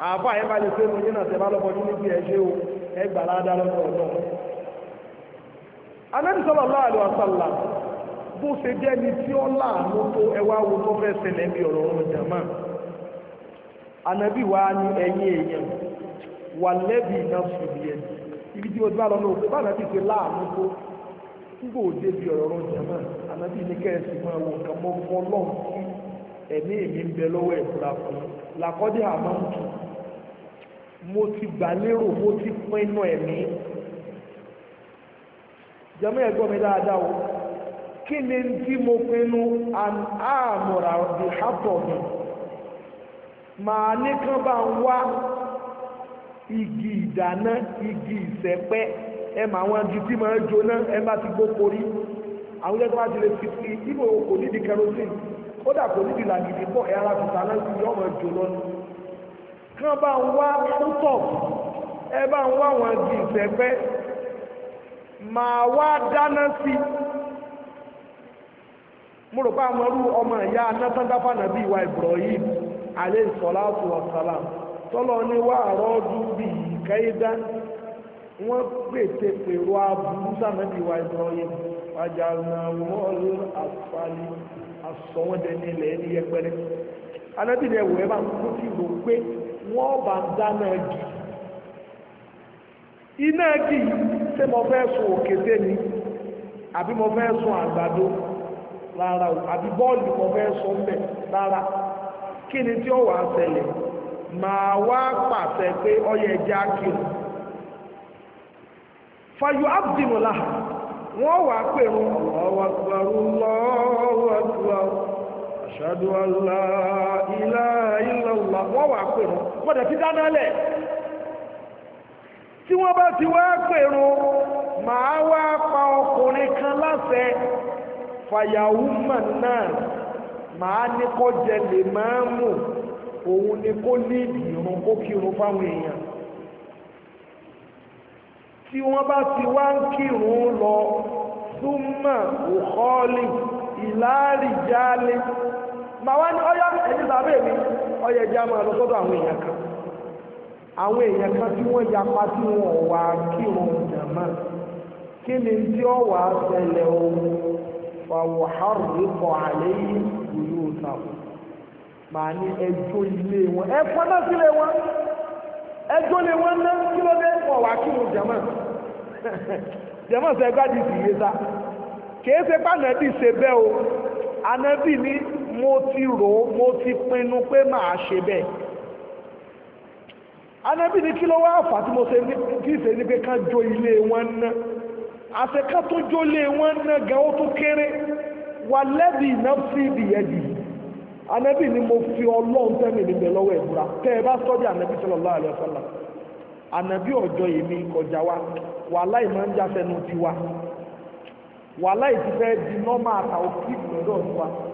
àbá yẹn bá lè pé náà tẹ bá lọ́pọ̀ nínú ibi ẹ̀ ṣe o ẹ ládá lọ́dọ̀ ọ̀dọ̀ Ànábì sallallahu alaihi wasallam bó ṣe jẹ́ ni tí ó láàánú tó ẹwà wo tó fẹ́ bí ọ̀rọ̀ ọ̀rọ̀ jàmá wa ní ẹ̀yìn èèyàn wà lẹ́bí iná fìdí ibi tí mo ti bá lọ bá ṣe láàánú tó òde bí ọ̀rọ̀ ọ̀rọ̀ jàmá ní kẹ́ẹ̀sì máa wọ nǹkan mọ́ fọlọ́ọ̀ ẹ̀mí ń bẹ lọ́wọ́ fún mo ti gbà lérò mo ti pinnu ẹ̀mí jẹ́mú ẹ̀gbọ́n mi dáadáa o kí ni tí mo pinnu àmọ̀rà the hapọ̀ mi màá ní kán bá ń wá igi ìdáná igi ìsẹ̀pẹ́ ẹ mà àwọn igi tí máa ń jóná ẹ bá ti gbó korí àwọn jẹ́ ti lè fi fi ìbò kò nídìí kerosene kódà kò nídìí làgìdì pọ̀ ẹ̀ ara fìtà náà yọ̀ ọmọ jò lọ́nu kan bá ń wá púpọ̀ ẹ bá ń wá wọn di ìfẹ́fẹ́ màá wá dáná sí i mo rò bá àwọn irú ọmọ ìyá anátándáfà nàbí ìwà Ibrahim alayhi salatu wassalam tọ́lọ ní wà rọ́ọ̀dù bí ìkẹ́yídá wọ́n pètè pèrò aburú sànàbí ìwà Ibrahim ọjà ìrànwọ́ nílẹ̀ yẹpẹrẹ wọ́n bá ń dáná ẹ̀gì iná ẹ̀gì ṣé mo fẹ́ sun òkété ni àbí mo fẹ́ sun àgbàdo rárá o àbí bọ́ọ̀lù mo fẹ́ sun mẹ́ rárá kí ni tí ó wàá ṣẹlẹ̀ màá wá pàṣẹ pé ọyẹ ẹja kí o wọ́n àṣàdù ọlá ilá ìlọ́lá wọ́n wà pèrún wọ́n dẹ̀ ti dáná lẹ̀ tí wọ́n bá ti wá pèrún màá wá pa ọkùnrin kan láṣẹ fàyàwó mọ̀ náà màá ní kó jẹ lè máa mú òun ni kó ní ìrùn kó kírun fáwọn èèyàn tí wọ́n bá ti wá ń kírun lọ súnmọ̀ òkọ́ọ́lì ìlàrí jálẹ̀ ma wá ní ọyá ẹ̀yìn sábẹ́ mi ọyẹ ẹ̀jẹ̀ àmọ́ àlọ́ sọ́dọ̀ àwọn èèyàn kan àwọn èèyàn kan tí wọ́n yapa tí wọ́n wà kírun kí ni tí ó wà ṣẹlẹ̀ o fàwọ̀ àrùkọ àlẹ́ yìí ìlú ìtàkùn màá ní ẹjọ ilé wọn ẹ wọn wọn ná kí ló dé wà yé ṣe ṣe bẹ́ẹ̀ o ànábì ní mo ti rò ó mo ti pinnu pé màá ṣe bẹ́ẹ̀ anábì ní kí ló wá fà tí mo ṣe tí ṣe ní pé ká jó ilé wọn ná àti ká tó jó ilé wọn ná gan ó tó kéré wà lẹ́bi nafsi bìyẹ́dì anábì ní mo fi ọlọ́run tẹ́mi níbẹ̀ lọ́wọ́ ẹ̀bùra tẹ́ ẹ bá sọ́jà anábì sallallahu alaihi wasallam ànàbí ọjọ́ èmi kọjá wa wàhálà ìmọ̀ ń jáfẹ́nu tiwa wàhálà ìtìfẹ́ di nọ́mà àtàwọn kíkì lọ́dọ̀ tiwa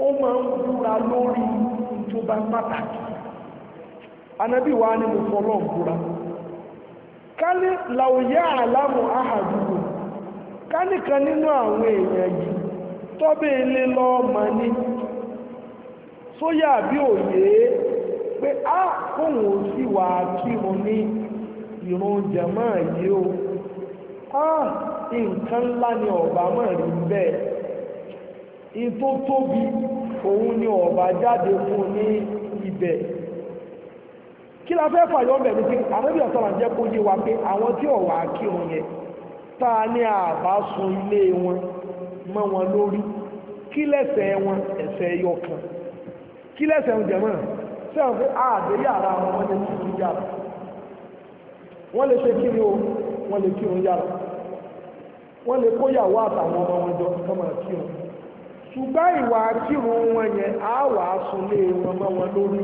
ó ma ń búra lórí ìjọba pàtàkì anábì wa ni mo fọlọ́ búra kálí làwòyá àlámù àhàdùgbò kánìkan nínú àwọn èèyàn yìí tọ́bẹ̀ ilé lọ́ọ́mọ ní sóyà bí òye pé á kóhùn ó sì wà kírun ní o á nǹkan ńlá ni ọ̀bà mọ̀ rí bẹ́ẹ̀ ìtó tóbi òun ni ọ̀bà jáde fún ní ibẹ̀ kí la fẹ́ fàyọ́ bẹ̀ ní pé àrẹ́bí ọ̀sán jẹ́ kó yé wa pé àwọn tí ọ̀wà kírun yẹn tá a ní àbá sun ilé wọn mọ́ wọn lórí kí lẹ́sẹ̀ wọn ẹ̀sẹ̀ ẹyọ kan kí lẹ́sẹ̀ wọn jẹ̀mọ́ sẹ́wọ̀n pé ah, ààbè yàrá wọn wọ́n lè kírun yàrá wọ́n lè ṣe kí ni o wọ́n lè kírun yàrá wọ́n lè kóyàwó àtàwọn ọmọ wọn jọ kọ́mọ̀ kírun ṣùgbọ́n ìwà àkírun wọn yẹn á wà á sùn lé wọn mọ́ wọn lórí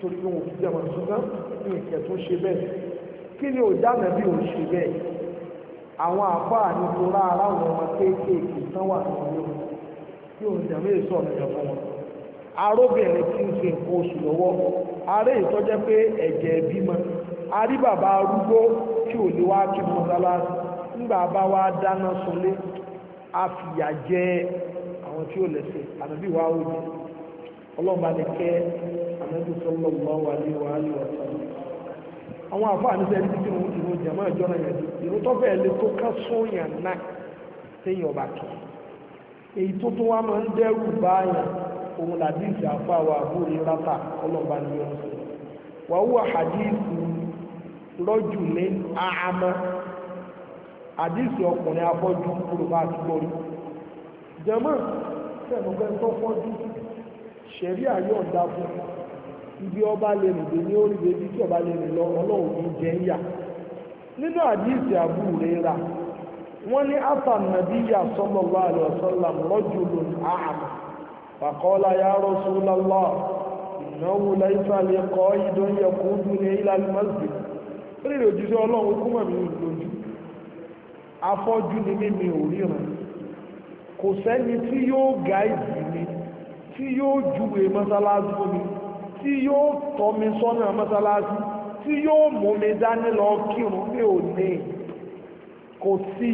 torí pé wọn fi jẹ́ wọn ṣùgbọ́n ní ìkẹ́ tó ṣe bẹ́ẹ̀ kí ni òjá nàbí ò ṣe bẹ́ẹ̀ àwọn kéékèèké tán wà nínú òun yẹn fún wọn fi nǹkan oṣù lọ́wọ́ aré ìtọ́jẹ́ pé ẹ̀jẹ̀ arí bàbá arúgbó ò lè wá kí àwọn tí ó lẹ́sẹ̀ ànábì wa ó yẹ ọlọ́ọ̀bá ni kẹ́ ànábì sọ́lọ́ wà ní wà á àwọn àfáà ní sẹ́yìn títí wọn ìwọ jàmọ́ ìjọ náà yẹn ìwọ tó fẹ́ẹ́ lè tó ká sóyàn náà ọba kì èyí tó tó wá máa ń dẹ́rù báyàn òun làdí ìsì àfáà wà àbúrò wà ní àhámọ́ ọkùnrin afọ́jú kúrò bá jẹ́mọ́ tẹ̀mọ̀gbẹ́ tó fọ́jú ṣẹ̀rí àyọ̀ ọ̀dà fún ibi ọba lè rìndé ní oríire bí tí ọba lè lọ ọlọ́run ní ń yà nínú àdíìsì Abu Hurairah wọn ní afa nàbíyà sallallahu ya Rasulallah ìnáwó láìsà lè kọ́ ìdán ní ó lè kò sẹ́ni tí yóò gáìdì mi tí yóò júwe mọ́sálásí fún tí yóò tọ́ mi sọ́nà mọ́sálásí tí yóò mú mi dání lọ kírun ní òní kò sí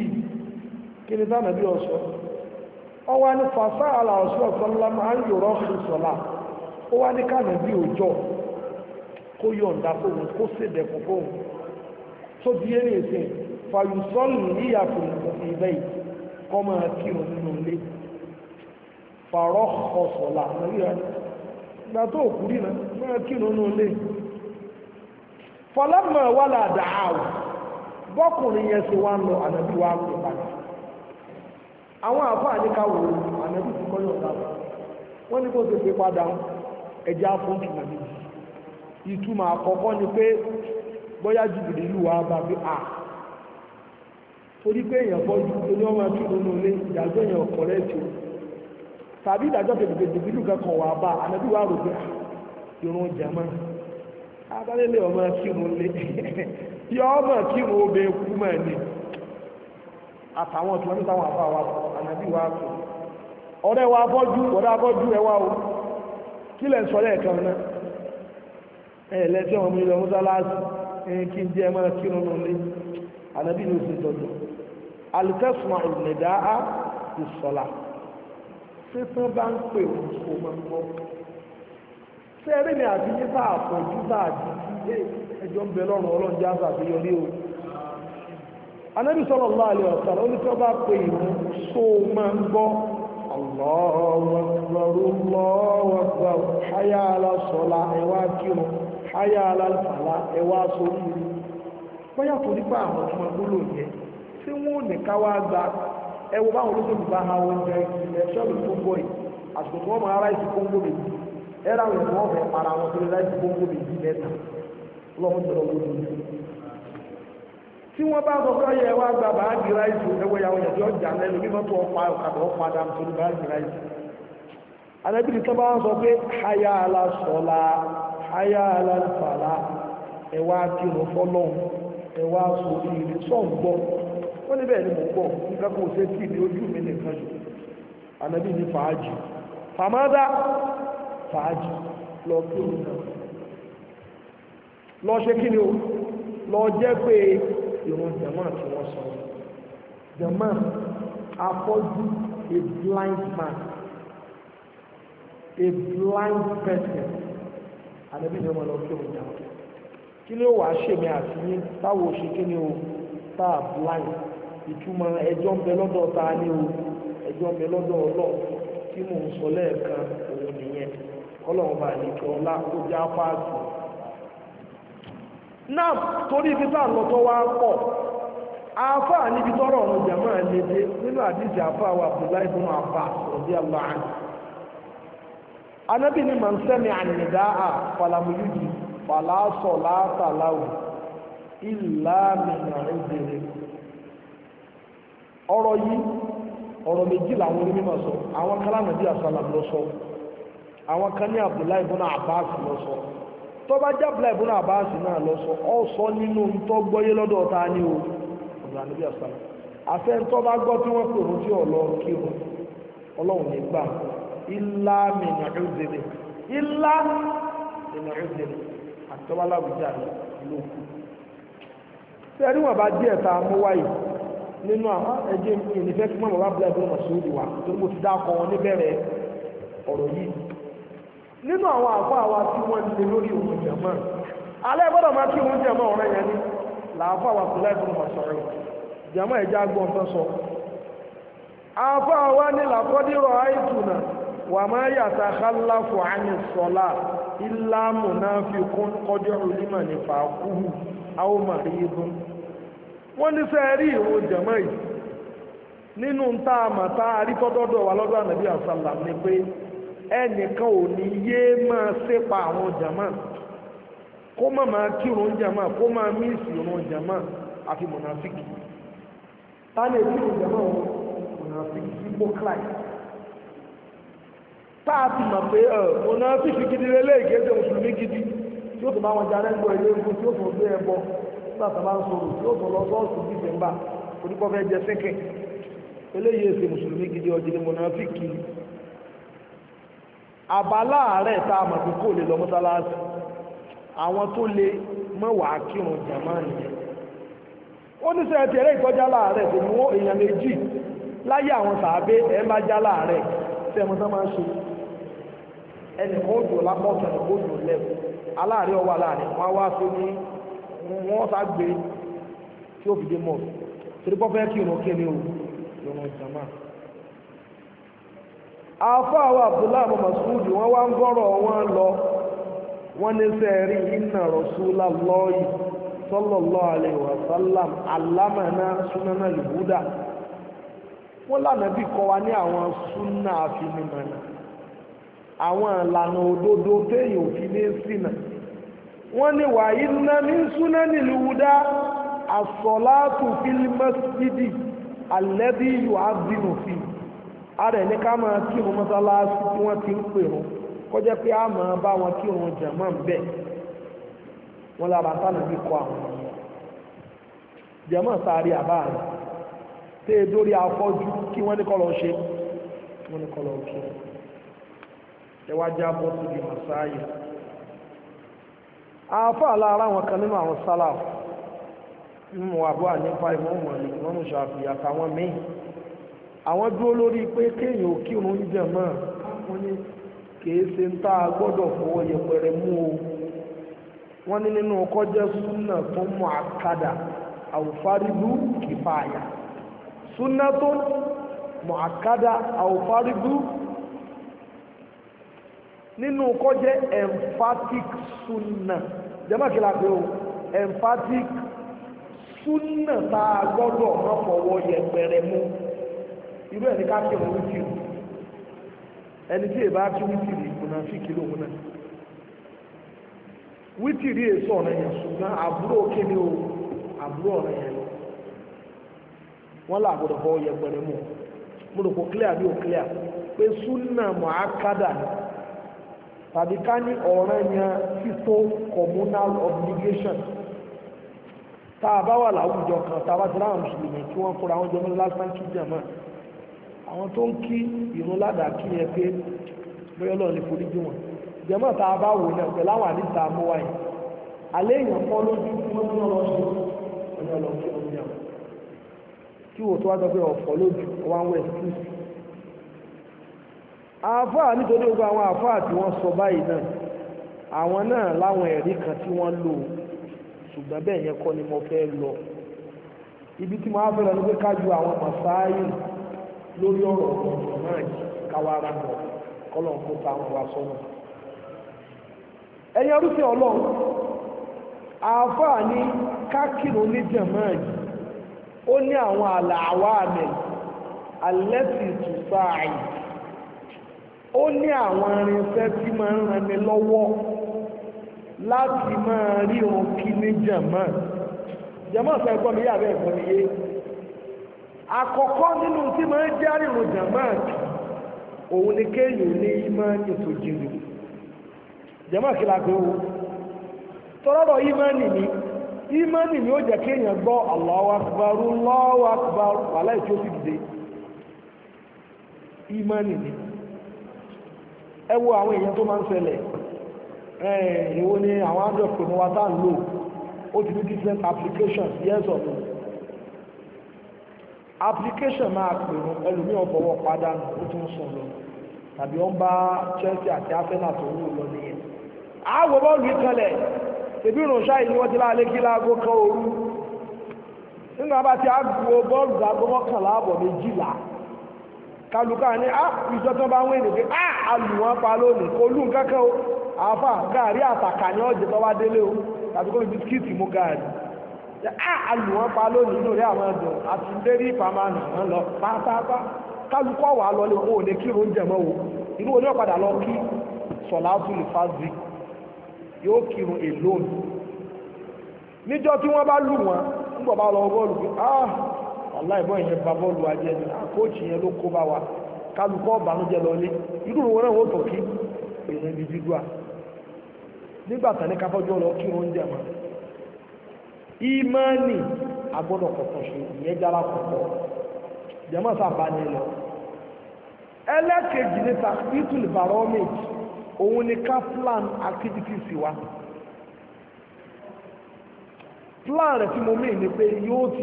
kí ni sáà nàbí ọ̀sọ́ ọwá ní fàṣà àlà ọ̀sọ́ ọ̀sọ́lámà á ń yòrọ̀ fún sọ́lá ó wá ní kànà bí òjọ́ kó yọ̀ǹda fóun kó sèdè fóun tó di eré ìsìn fàyùsọ́ọ̀lù níyàfọ̀ ìbẹ̀yìí kọ́ máa kírun nínú ilé fàárọ̀ ọ̀sọ̀là nàìjíríà ìgbà tó òkú rí náà máa kírun nínú ilé fọlọ́mọ̀ wà ládà áwù bọ́kùnrin yẹn ṣe wá ń lọ ànábì wa pè padà àwọn àfáà ní ká wò ó ànábì ti kọ́yọ̀ dábà wọ́n ní kó ṣe pé padà ẹ̀jẹ̀ afọ́ntùmọ̀ méjì ìtumọ̀ àkọ́kọ́ ni pé bóyá jùbìlì ìlú wa bá bí a torí pé èèyàn fọ́jú oní ọmọ tí ó nù lé ìdájọ́ èèyàn ọ̀kọ̀rẹ́ tí ó tàbí ìdájọ́ kèdèkè dìbìlù kankan wà bá ànábì wà rò pé ah, irun jama abálélẹ̀ ọmọ tí ó lé tí ọmọ tí ó bẹ kú mọ̀ ní àtàwọn tí wọ́n ní táwọn àbá wa ànábì wà rò ọ̀rẹ́ wa fọ́jú ọ̀rẹ́ afọ́jú ẹ wá o kí lẹ̀ ń sọ lẹ́ẹ̀kan náà ẹ̀ lẹ́tí ọmọ mi lọ mọ́sálásí kí n jẹ́ mọ́ kí n nù lé ànábì ní oṣù tọ́jú alitẹ́sùn àrùnẹ̀dá á ti sọ̀la ṣé bá ń pè wọ́n kó máa ń ṣé eré mi àti yín bá àpọ̀jù bá ẹjọ́ ń bẹ lọ́rùn yọrí o anábì sọ̀rọ̀ lọ́wọ́ àlẹ́ ọ̀sán ó ní tí wọ́n bá pè wọ́n kó máa ń gbọ́ ọlọ́wọ́gbọ̀rúnlọ́wọ́gbọ̀rún háyà alásọ́lá ẹwà kírun tí wọ́n ní káwá gba ẹwọ báwọn olóṣèlú bá ha oúnjẹ ilẹ̀ ṣọ́ọ̀bù kóńgò yìí àsìkò tí wọ́n máa ráìsì kóńgò méjì ẹ̀rọ àwọn ẹ̀fọ́ ọ̀fẹ́ para wọn torí ráìsì kóńgò méjì lẹ́ta lọ́wọ́n tọ̀rọ̀ wọn lójú. tí wọ́n bá sọ káyọ̀ ẹ̀wọ́ àgbà báàgì ráìsì ẹ̀wọ́ ìyàwó yẹn tí ó jà lẹ́nu bí mọ́tò ọ̀pá ọ̀kadà ọ̀pá dàmú torí báàgì ráìsì. alábìrì tó bá sọ pé ń gbọ́ ó ní bẹ́ẹ̀ ni mò ń bọ̀ nǹkan kò ṣe kí ni ojú mi nìkan jù ànábì ní fàájì fàmádà fàájì lọ kí òun náà lọ ṣe kí ni o lọ jẹ́ pé ìrun jama tí wọ́n sọ jama afọ́jú a blind man a blind person ànábì ní ọmọ lọ kí òun jama kí ni ó wàá ṣèmi àti yín táwo ṣe kí ni o tá a blind. ìtumọ̀ ẹjọ́ ń lọ́dọ̀ ta ni o ẹjọ́ ń lọ́dọ̀ ọlọ́ tí mò ń sọ lẹ́ẹ̀kan òun nìyẹn ọlọ́run bá àlejò ọlá tó náà torí ibi tá lọ wá pọ̀ Afa níbi tọrọ ọ̀run nínú àdíjì wa Abdullahi ni ìlàmìnà ìbèrè Ọrọ yìí ọ̀rọ̀ méjì làwọn onímọ̀ sọ àwọn bíi lọ sọ àwọn kan Abdullahi lọsọ, Abbas lọ sọ tó bá Abdullahi ibùnà Abbas náà lọ sọ ọ sọ nínú ni o ọ̀rọ̀ àníbí àsálàm àfẹ́ tó tí wọ́n pè kí ní gbà ilá ta wáyé nínú àwọn ẹjẹ́ ìnífẹ́ tí mọ́mọ́ wá bí ẹgbẹ́ mọ̀sóòdì wà tó mo ti dákọ̀ wọn níbẹ̀rẹ̀ ọ̀rọ̀ yìí nínú àwọn àgbà wa tí wọ́n lè lórí òun jẹ̀mọ́ alẹ́ gbọ́dọ̀ máa kí òun jẹ̀mọ́ ọ̀rọ̀ yẹn ni làáfà wa kò lẹ́gbẹ̀ẹ́ mọ̀sọ̀rọ̀ jẹ̀mọ́ ẹ̀jẹ̀ agbọ́n tó sọ àfà wa ní làkọ́dírọ̀ àìtùnà wà máa yàtà kálàfù àní sọ́lá ìlàmù náà fi kún kọjọ́ òlímọ̀ nípa kúhù àwọn màrí ibùn wọ́n ní sẹ́ eri jẹ̀mọ́ yìí nínú tá a mà rí wa lọ́dọ̀ ànàbí àṣàlà ni pé ẹnìkan ò ní yé máa sépa àwọn jẹ̀mọ́ kó má máa kírun jẹ̀mọ́ kó máa míìsì ìrun jẹ̀mọ́ àfi mọ̀nàfíkì lè kírun jẹ̀mọ́ wọn mọ̀nàfíkì tá a ti mọ̀ pé mọ̀nàfíkì gidi lélẹ́yìí kéde mùsùlùmí gidi tí ó bá láti bá ń sọ òrùn yóò tọ̀ lọ sọ́ọ̀sì dísẹ́mbà onípọ̀ fẹ́ jẹ sẹ́kẹ̀ eléyìí èsì mùsùlùmí gidi ọjọ́ ni mọ̀nàfíìkì abala rẹ̀ tá a mọ̀ pé kò lè lọ mọ́sálásí àwọn tó lè mọ́wàá kírun jàmá nìyẹn ó ní sẹ́yìn tẹ̀lé ìkọjá láàárẹ̀ kò mú èèyàn méjì láyé àwọn sàábé ẹ̀ máa já láàárẹ̀ sẹ́yìn tó máa ń ṣe ẹnì kan ó jò lápọ̀ ọ̀tọ̀ ẹnì kan ó jò lẹ́kọ̀ọ́ aláàárẹ̀ ọwọ́ aláàárẹ̀ wọn á wá sí ní wọ́n sá tí ó fi dé mọ́ fẹ́ kí o lọ́nà abdullahi wọn lọ wọ́n ní sẹ́ẹ̀rí iná rọ̀ṣúlá lọ́ọ̀yì sọ́lọ́lọ́ wàsálàm alámàná súnáná wọ́n lànà bí kọ́ wa ní àwọn súnà àwọn ìlànà òdodo téèyàn ò fi ní sínà. wọ́n ní wàyí ná ní súná nílùú dá àsọ̀látù fílímọ́sídì alẹ́bí yóò ábínú fi ààrẹ ní ká máa kírun mọ́sálásí tí wọ́n ti ń pè wọn kọjá pé a máa bá wọn kírun jàmá ń bẹ̀ wọ́n lára sánà bí kọ àwọn jàmá sáré àbá rẹ̀ tẹ́ ẹ dórí afọ́jú kí wọ́n ní kọ́ lọ ṣe wọ́n ní kọ́ lọ kí ẹ wá já bọ́ màsáyà àáfà lára àwọn kan nínú àwọn sálà mú Abu Hanifa ìmọ̀ mọ̀lì wọ́n mú ṣàfi àtàwọn míì àwọn dúró lórí pé kéèyàn ò kírun oúnjẹ mọ́ wọ́n ní kìí ṣe ń tá a gbọ́dọ̀ fọwọ́ yẹpẹrẹ mú o wọ́n ní nínú kọjá súnà tó mọ àkàdà àwòfárídú kìfàyà súnà tó mọ àkàdà àwòfárídú kìfàyà nínú kọjẹ́ emphatic sunna jẹ́mọ̀kìlá pé o emphatic sunna tá a gbọ́dọ̀ má fọwọ́ yẹpẹrẹ mú irú ẹ̀ ní ká kí òun wíkì rù ẹni tí èbá kí wíkì rù ìkùnà sí kìlò òun náà wíkì rù èso ọ̀nà yẹn ṣùgbọ́n àbúrò kíni o àbúrò ọ̀nà yẹn lọ wọ́n là gbọ́dọ̀ fọwọ́ yẹpẹrẹ mú mo rò pé clear bí o clear pé sunna mọ̀ á kádà ni tàbí ká ní ọ̀ràn yan fífó communal obligation tá a bá wà láwùjọ kan tá a bá ti láwọn mùsùlùmí tí wọ́n kóra wọn jọ ní last time àwọn tó ń kí ìrún ládàá kí ẹ pé bóyá ọlọ́run lè forí jù wọ́n jẹ́mọ́ tá a bá wò náà pẹ̀lú àwọn àdìsá amúwá yìí alẹ́ èèyàn kọ́ lójú tí wọ́n tún lọ sí ọ̀nà ọ̀lọ́kí ọ̀nà tí wò tó wá sọ pé ọ̀fọ̀ lójú ọwọ́ àwọn ẹ̀sìn àáfàá nítorí gbogbo àwọn àáfàá tí wọ́n sọ báyìí náà àwọn náà láwọn ẹ̀rí kan tí wọ́n lò ṣùgbọ́n bẹ́ẹ̀ yẹn kọ́ ni mo fẹ́ lọ ibi tí mo á fẹ́ lọ ni pé ká ju àwọn màsáyì lórí ọ̀rọ̀ ọ̀rọ̀ náà yìí káwa ara mọ̀ kọ́lọ̀ kó ta àwọn wa sọ́nà ẹ̀yin arúfẹ́ ọlọ́run àáfàá ní kákìrì oníjàmọ́ yìí ó ní àwọn àlàáwá àmì alẹ́sì tùsáàyè ó ní àwọn irinṣẹ́ tí máa ń ran lọ́wọ́ láti máa rí ohun kí ní jàmá jàmá fẹ́ gbọ́ mi yàrá ẹ̀gbọ́n mi yé àkọ́kọ́ nínú tí máa ń jẹ́ àrìnrìn jàmá òun ni kéèyàn ní máa ń ètò jìnnà kí la gbé o tọ́lọ́rọ̀ ó jẹ́ kéèyàn gbọ́ ẹ wo àwọn èèyàn tó máa ń ṣẹlẹ̀ èwo ni àwọn android ní wa ń lò ó ti ní different applications yes or no application máa pè wọn ẹlòmíràn fọwọ́ padà ó tún sùn lọ tàbí ó ń bá Chelsea àti Arsenal tó wù lọ nìyẹn àwọ̀ bọ́ọ̀lù ìkànlẹ̀ tèbí ìrùnṣá yìí ni wọ́n ti láàlé kí láago kan òru nínú abá ti àgbo bọ́ọ̀lù àgbo àbọ̀ méjìlá kálukà ní á ah, ìjọ tó bá ń wéèrè pé á ah, àlùwọ́n pa lónìí olú nkankan o àáfà gàrí àtàkà ní ọ̀jẹ̀ tó wá délé o tàbí kó bisikíìtì mú gàrí á àlùwọ́n ah, pa lónìí inú rẹ̀ àwọn ẹ̀dùn àti dérí ìpamọ́ àwọn lọ pátápá kálukọ́ wà á lọ lé o ò ní kí oúnjẹ mọ́ o inú oní ọ̀padà lọ kí sọ̀láàtù lè fásitì yóò kírun èlónì níjọ́ tí wọ́n bá lù wọ́n ń bọ̀ bá lọ bọ́ọ̀lù pé ah aláìbọ̀ ìyẹn ba bọ́ọ̀lù ajẹ́ ni àkóòtù ah, yẹn ló kó bá wa kálukọ́ ọ̀bànújẹ́ lọlé irú wọn náà tó kí èèyàn ibi dídú à nígbà ka kábọ́jọ́ lọ kí wọ́n ìmánì agbọ́dọ̀ ṣe ìyẹn jára jẹ́mọ́ sábà ní lọ níta òun ni ká plan wa plan rẹ̀ tí mo mí ni pé yóò ti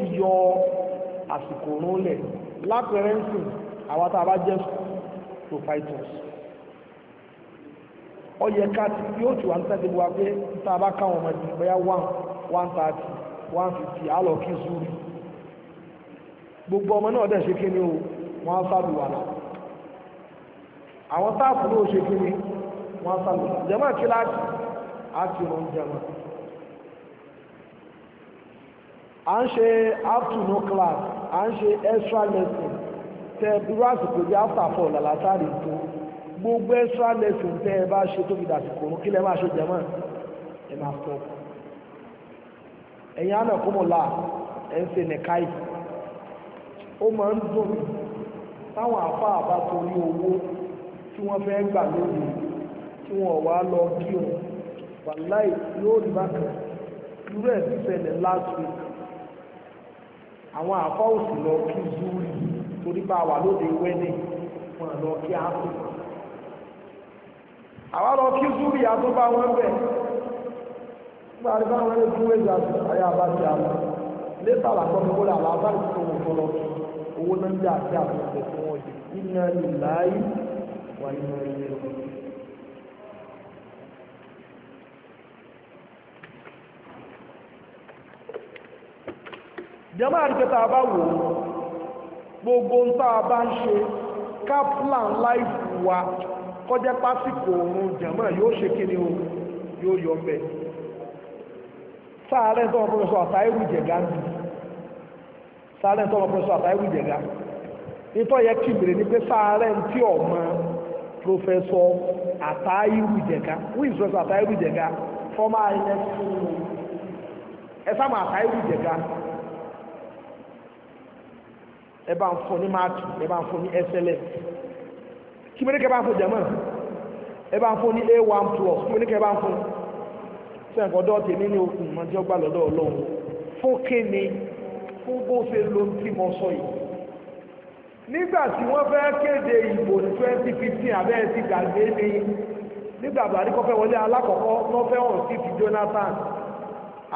àsìkò òun lẹ̀ lápẹẹrẹ ń sìn àwọn tá jẹ́ proprietors ọyẹ káàtì yóò tù wá ní sẹ́ńtì bó pé ọmọ ìdìbò one one thirty one fifty àlọ́ kí zuri gbogbo ọmọ náà dẹ̀ ṣe kí ni o wọ́n á sàlùwàlà àwọn táàpù náà ṣe kí ni wọ́n ti rún jẹ́mọ̀ à ń ṣe afternoon class à ń ṣe extra lesson tẹ irú àsìkò bíi after four làlátàrí tó gbogbo extra lesson tẹ ẹ bá ṣe tóbi dàsìkò òun kí lẹ máa ṣe jẹmọ́ ẹ máa sọ ẹ̀yin àná kó mọ là ẹ ń ṣe nìkaì ó máa ń dùn táwọn àfa àbá torí owó tí wọ́n fẹ́ gbà lónìí tí wọ́n wá lọ kí òun wàláì yóò rí bákan irú ẹ̀ ti ṣẹlẹ̀ last week àwọn àfọ́ òsì lọ kí zúrì torí bá wà lóde wẹ́nì wọn lọ kí ápù àwa lọ kí zúrì àtó bá wọn bẹ̀ nígbà tí bá wọn lè dúró ìjà àyà àbájá àmọ́ lẹ́tà làkọ́ mi wọlé àlàáfà ìṣòwò tó lọ kí owó náà ń jà àti àbẹ̀tẹ̀ fún wọn yìí iná wà nínú ilé jẹ́mọ́ àríkẹta bá wò ó gbogbo ń tá a bá ń ṣe kaplan láìfù wa kọjá pásíkò oorun jẹ̀mọ́ yóò ṣe kí ni o yóò yọ mẹ́ sáàrẹ́ tó wọn pẹ́sọ àtàírù jẹ̀gá ní sáàrẹ́ tó wọn pẹ́sọ àtàírù jẹ̀gá nítọ́ yẹ kí bèrè ní pé sáàrẹ́ tí ọmọ pòfẹ́sọ àtàírù jẹ̀gá wíì pòfẹ́sọ àtàírù jẹ̀gá fọ́mà ẹ̀ ẹ̀ sáàmù àtàírù jẹ̀gá ẹ bá ń fún ní máàkì ẹ bá ń fún ní SLS kí mo ní kẹ́ bá ń fún jẹ̀mọ́ ẹ bá ń fún ní A1 plus kí mo ní kẹ́ bá ń fún sẹ́ǹkọ́dọ́ tèmi ní okùn mọ́ tí ó gbà lọ́dọ̀ ọlọ́run fún kéne fún bó ṣe lo tí mo sọ yìí nígbà tí wọ́n fẹ́ kéde ìbò ní 2015 abẹ́ẹ̀ ti gbàgbé ni nígbà àbárí kọ́fẹ́ wọlé alákọ̀ọ́kọ́ lọ́fẹ́ ọ̀rọ̀ sí ti Jonathan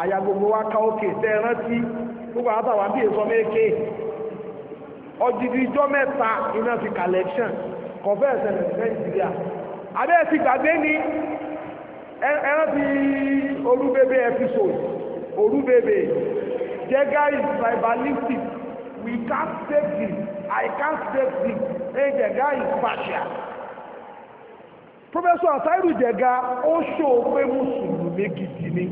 àyà gbogbo wa ká òkè tẹ́ rántí gbogbo àtàwọn àbí èso méèké ọ̀dìdì ijọ́ mẹ́ta iná fi collection converse ẹ̀ nàìjíríà abẹ́ ti gbàgbé ní ẹran ti olúbébé episode olúbébé jẹ́gá is tribalistic we can't save him. i can't save him. hey jẹ́gá is partial professor asairu jẹ́gá ó ṣó pé mùsùlùmí gidi ni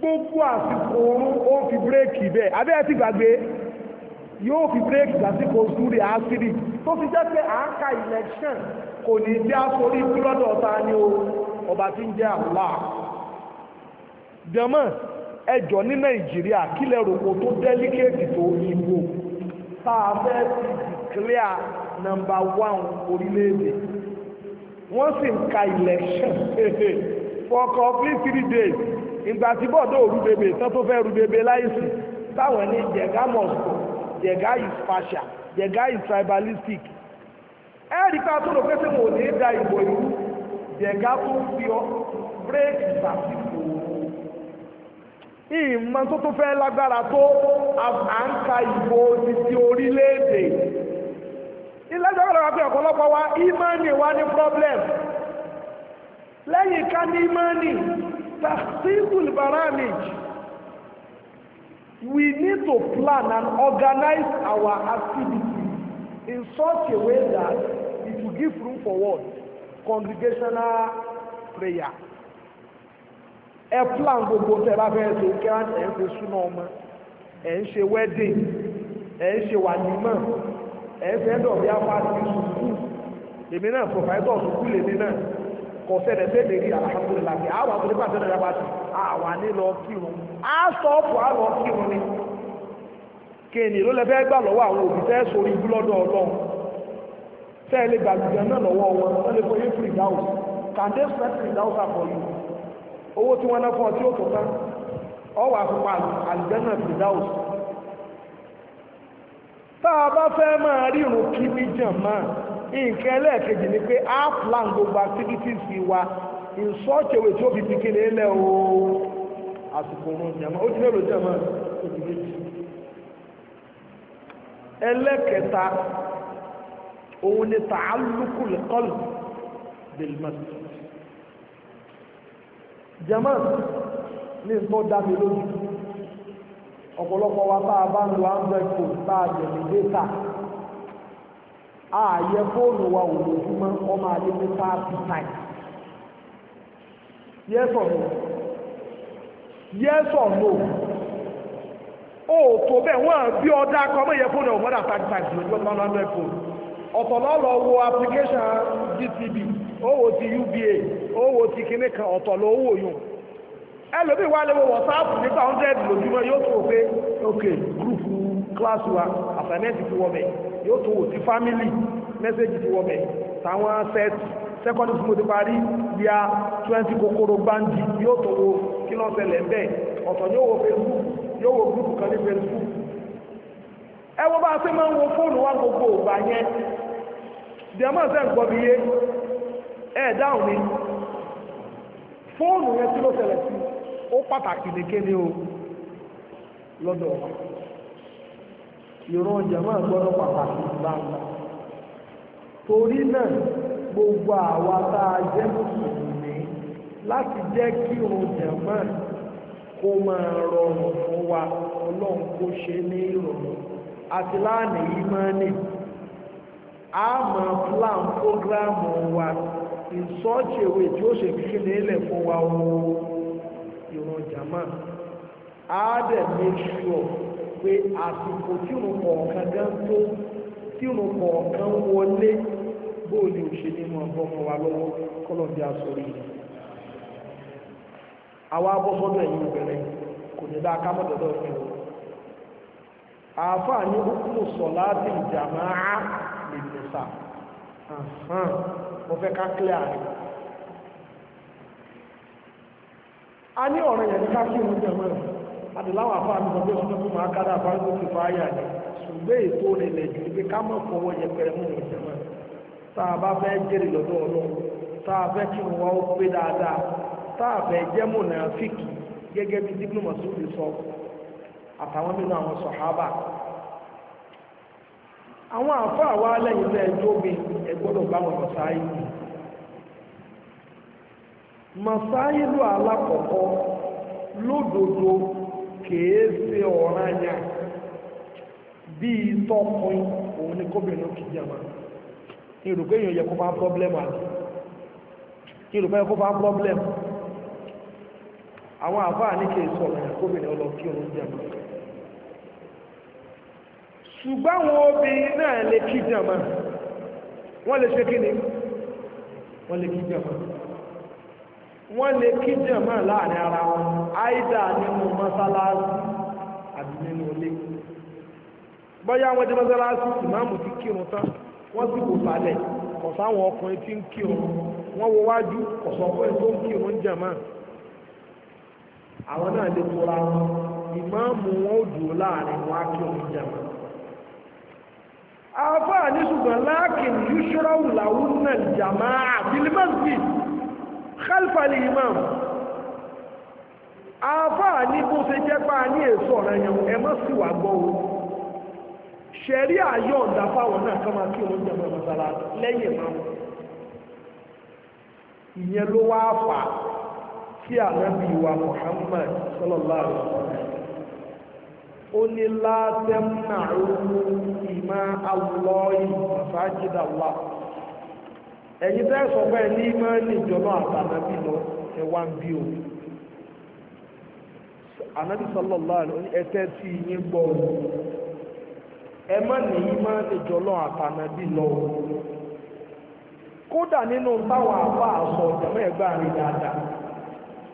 gbogbo àsìkò oorun ó fi bírèkì bẹ́ẹ̀ abẹ́ ti gbàgbé yóò fi break lásìkò zúrí àásírì tó fi jẹ́ pé à ń ka election kò ní jẹ́ àsorí búlọ́dọ̀ ọ̀tá ni o ọba tí ń jẹ́ àlá jẹ́mọ́ ẹjọ́ ní nàìjíríà kílẹ̀ rògbò tó dẹ́líkéètì tó ìbò tá a fẹ́ ti declare number one orílẹ̀-èdè wọ́n sì ń ka election for complete three days ìgbà tí bọ́ọ̀dọ̀ òrùbẹ̀bẹ̀ tán tó fẹ́ rùbẹ̀bẹ̀ láìsí táwọn ẹni jẹ̀gá mọ̀sùn the guy is partial the guy is tribalistic ẹ̀rí pé àtúrò pé tí wọ́n lè da ìbò ìlú dẹ̀gá tó ń fi ọ bírèkì sàtìkò ìmọ̀ tó tó fẹ́ lágbára tó à ń ka ìbò títí orílẹ̀-èdè iléeṣẹ́ ọ̀rọ̀ wa pé ọ̀pọ̀lọpọ̀ wa ìmọ̀ọ́nì wa ní problem lẹ́yìn ká ní ìmọ̀ọ́nì tàṣíkùl baramij we need to plan and organize our activities in such a way that it will give room for what? Congregational prayer. Ẹ plan gbogbo tẹ bá fẹ́ ṣe kí wọ́n ẹ̀ ń fi súná ọmọ, ẹ̀ ń ṣe wedding, ẹ̀ ń ṣe wànímọ̀, ẹ̀ ń fẹ́ dọ̀bí afáàtì sùkúù. Èmi náà pòfàìtọ̀ sùkúù lèmi náà kọ̀ọ̀sẹ̀rẹ̀ bẹ́ẹ̀ rí alhamdulilayi kí àwọn àtúndì pàṣẹ náà yàgbà sí àwọn ànílọ kírun á sọ ọ̀pọ̀ àlọ́ kírun ni kéènì ló lẹ́fẹ́ gbà lọ́wọ́ àwọn òbí fẹ́ sórí ibú lọ́dọ̀ ọlọ́run fẹ́ lè gbàgbìjẹ náà lọ́wọ́ wọn wọ́n lè fọyé fún ìdáhùn kàndé fẹ́ fún ìdáhùn àpọ̀ yìí owó tí wọ́n lẹ́fọ́ tí ó tó tán náà fún ìdáhùn tá a bá nke ẹlẹ́ẹ̀kejì ni pé a plan gbogbo activities wa in such a way tí ó fi fi o àsìkò oorun jẹ̀mọ́ ó ti lérò jẹ̀mọ́ òbí méjì ẹlẹ́kẹta òun ni lẹ́kọ́lù ní nǹkan dá mi lójú ọ̀pọ̀lọpọ̀ wa tá a bá ń a fóònù wa ò lójúmọ́ ọmọ adé ní thirty nine yes or no yes or no o tó bẹ́ẹ̀ wọ́n bí ọdá akọ mọ́ ìyẹ́ fóònù ọmọ dà thirty application GTB ti UBA ti wà WhatsApp nípa hundred yóò tó pé ok group class wa assignment ti yóò tún wò sí family mẹ́sẹ̀jì ti wọ̀bẹ̀ táwọn set second tí mo ti parí bíá 20 kòkòrò gbáǹdì yóò tún wo kí ló ṣẹlẹ̀ bẹ́ẹ̀ ọ̀tọ̀ yóò wo facebook yóò wo group kan ní facebook ẹ wo bá a ṣe máa ń wo fóònù wa gbogbo ògbà yẹn dèmọ́ ṣe ń gbọ́bi yé ẹ lọ́dọ̀ wa. ìran jama'a àgbọ́dọ̀ pàtàkì gbangba torí náà gbogbo àwa tá a jẹ́ mùsùlùmí láti jẹ́ kí irun jama'a kó máa rọrùn fún wa ọlọ́run kó ṣe ní ìrọ̀rùn àti láàánú a máa plan program wa in tí ó ṣe kíkí nílẹ̀ fún wa pé àsìkò tí òun kọ̀ọ̀kan gan tó tí òun kọ̀ọ̀kan wọlé bóòlù òṣèlú mọ̀ ọ̀bọ̀mọ̀ wa lọ́wọ́ kọ́lọ̀ bí a sọ rí àwọn abọ́sọ́dọ̀ ẹ̀yìn obìnrin kò ní dáa kámọ́dọ̀dọ̀ fún un àáfàá ní kúkú sọ láti ìjàmá lè nìsà mo fẹ́ ká kílẹ̀ àrẹ a ní ọ̀rọ̀ yẹn ká kí òun jẹ̀mọ́ rẹ̀ adìláwà fún àmì ọgbẹ́ ọdún fún máa kára àbáríkò ti fa ayà ni ṣùgbọ́n ètò rẹ̀ lẹ̀ jù pé ká mọ̀ fọwọ́ yẹpẹrẹ mú wọn jẹ mọ́ tá a bá fẹ́ jèrè lọ́dọ̀ ọlọ́run tá a fẹ́ kí wọn ó pé dáadáa tá a fẹ́ jẹ́ mùnáfíkì gẹ́gẹ́ bí dígbò mọ̀sùlùmí sọ àtàwọn nínú àwọn sọ̀hábà àwọn àfáà wa lẹ́yìn tẹ́ ẹjọ́ ẹ gbọ́dọ̀ bá wọn mọ̀sáyé mọ̀sáyé ló alákọ̀ọ́kọ́ lódodo kèé ṣe ọ̀ràn yà bíi tọ́kùn òun ni kóbìnrin kì í jàmá ìrùkú èèyàn yẹ kó bá pọ́blẹ́mù àti ìrùkú yẹ kó bá pọ́blẹ́mù àwọn àbá ní kí èso ọ̀nà ìkóbìnrin ọlọ kí òun jẹma ṣùgbọ́n àwọn obìnrin náà lè kí jẹma wọ́n lè ṣe kí ni wọ́n lè kí jẹma wọ́n lè kí jẹ̀mọ́ láàrin ara wọn àìdá nínú mọ́sálásí àti nínú ilé bọ́yá wọ́n jẹ́ mọ́sálásí ìmáàmù ti kírun tán wọ́n sì wò balẹ̀ kọ̀sáwọn ọkùnrin tí ń kírun wọ́n wo wájú kọ̀sọ́kùnrin tó ń kírun jẹ̀mọ́ àwọn náà lè tora wọn ìmáàmù wọn ò dúró láàrin wọn á kírun jẹ̀mọ́ àfáà ní ṣùgbọ́n láàkìn yusra wùlàwù jàmáà bílímọ́sì kálífàlì imam àáfàá ní bó ṣe jẹ́ pa ní èso ọ̀rẹ́ yẹn ẹ má sì wà gbọ́ o ṣẹ̀rí àyọ̀ ọ̀dà fáwọn náà kọ́ máa kí wọ́n jẹ́ mọ́ mọ́sára lẹ́yìn máa ìyẹn ló wá fà sí ànábì wa Muhammad sallallahu ó ní látẹ́mù náà ó mú ìmá àwùlọ́ yìí masajid Allah ẹ̀yin tẹ́ sọ pé ní máa ní ìjọba lọ ẹ wá o anabi sallallahu alaihi tí yín gbọ́ o ẹ má ní yín máa ní ìjọba àtànàbí lọ kódà nínú àbá dáadáa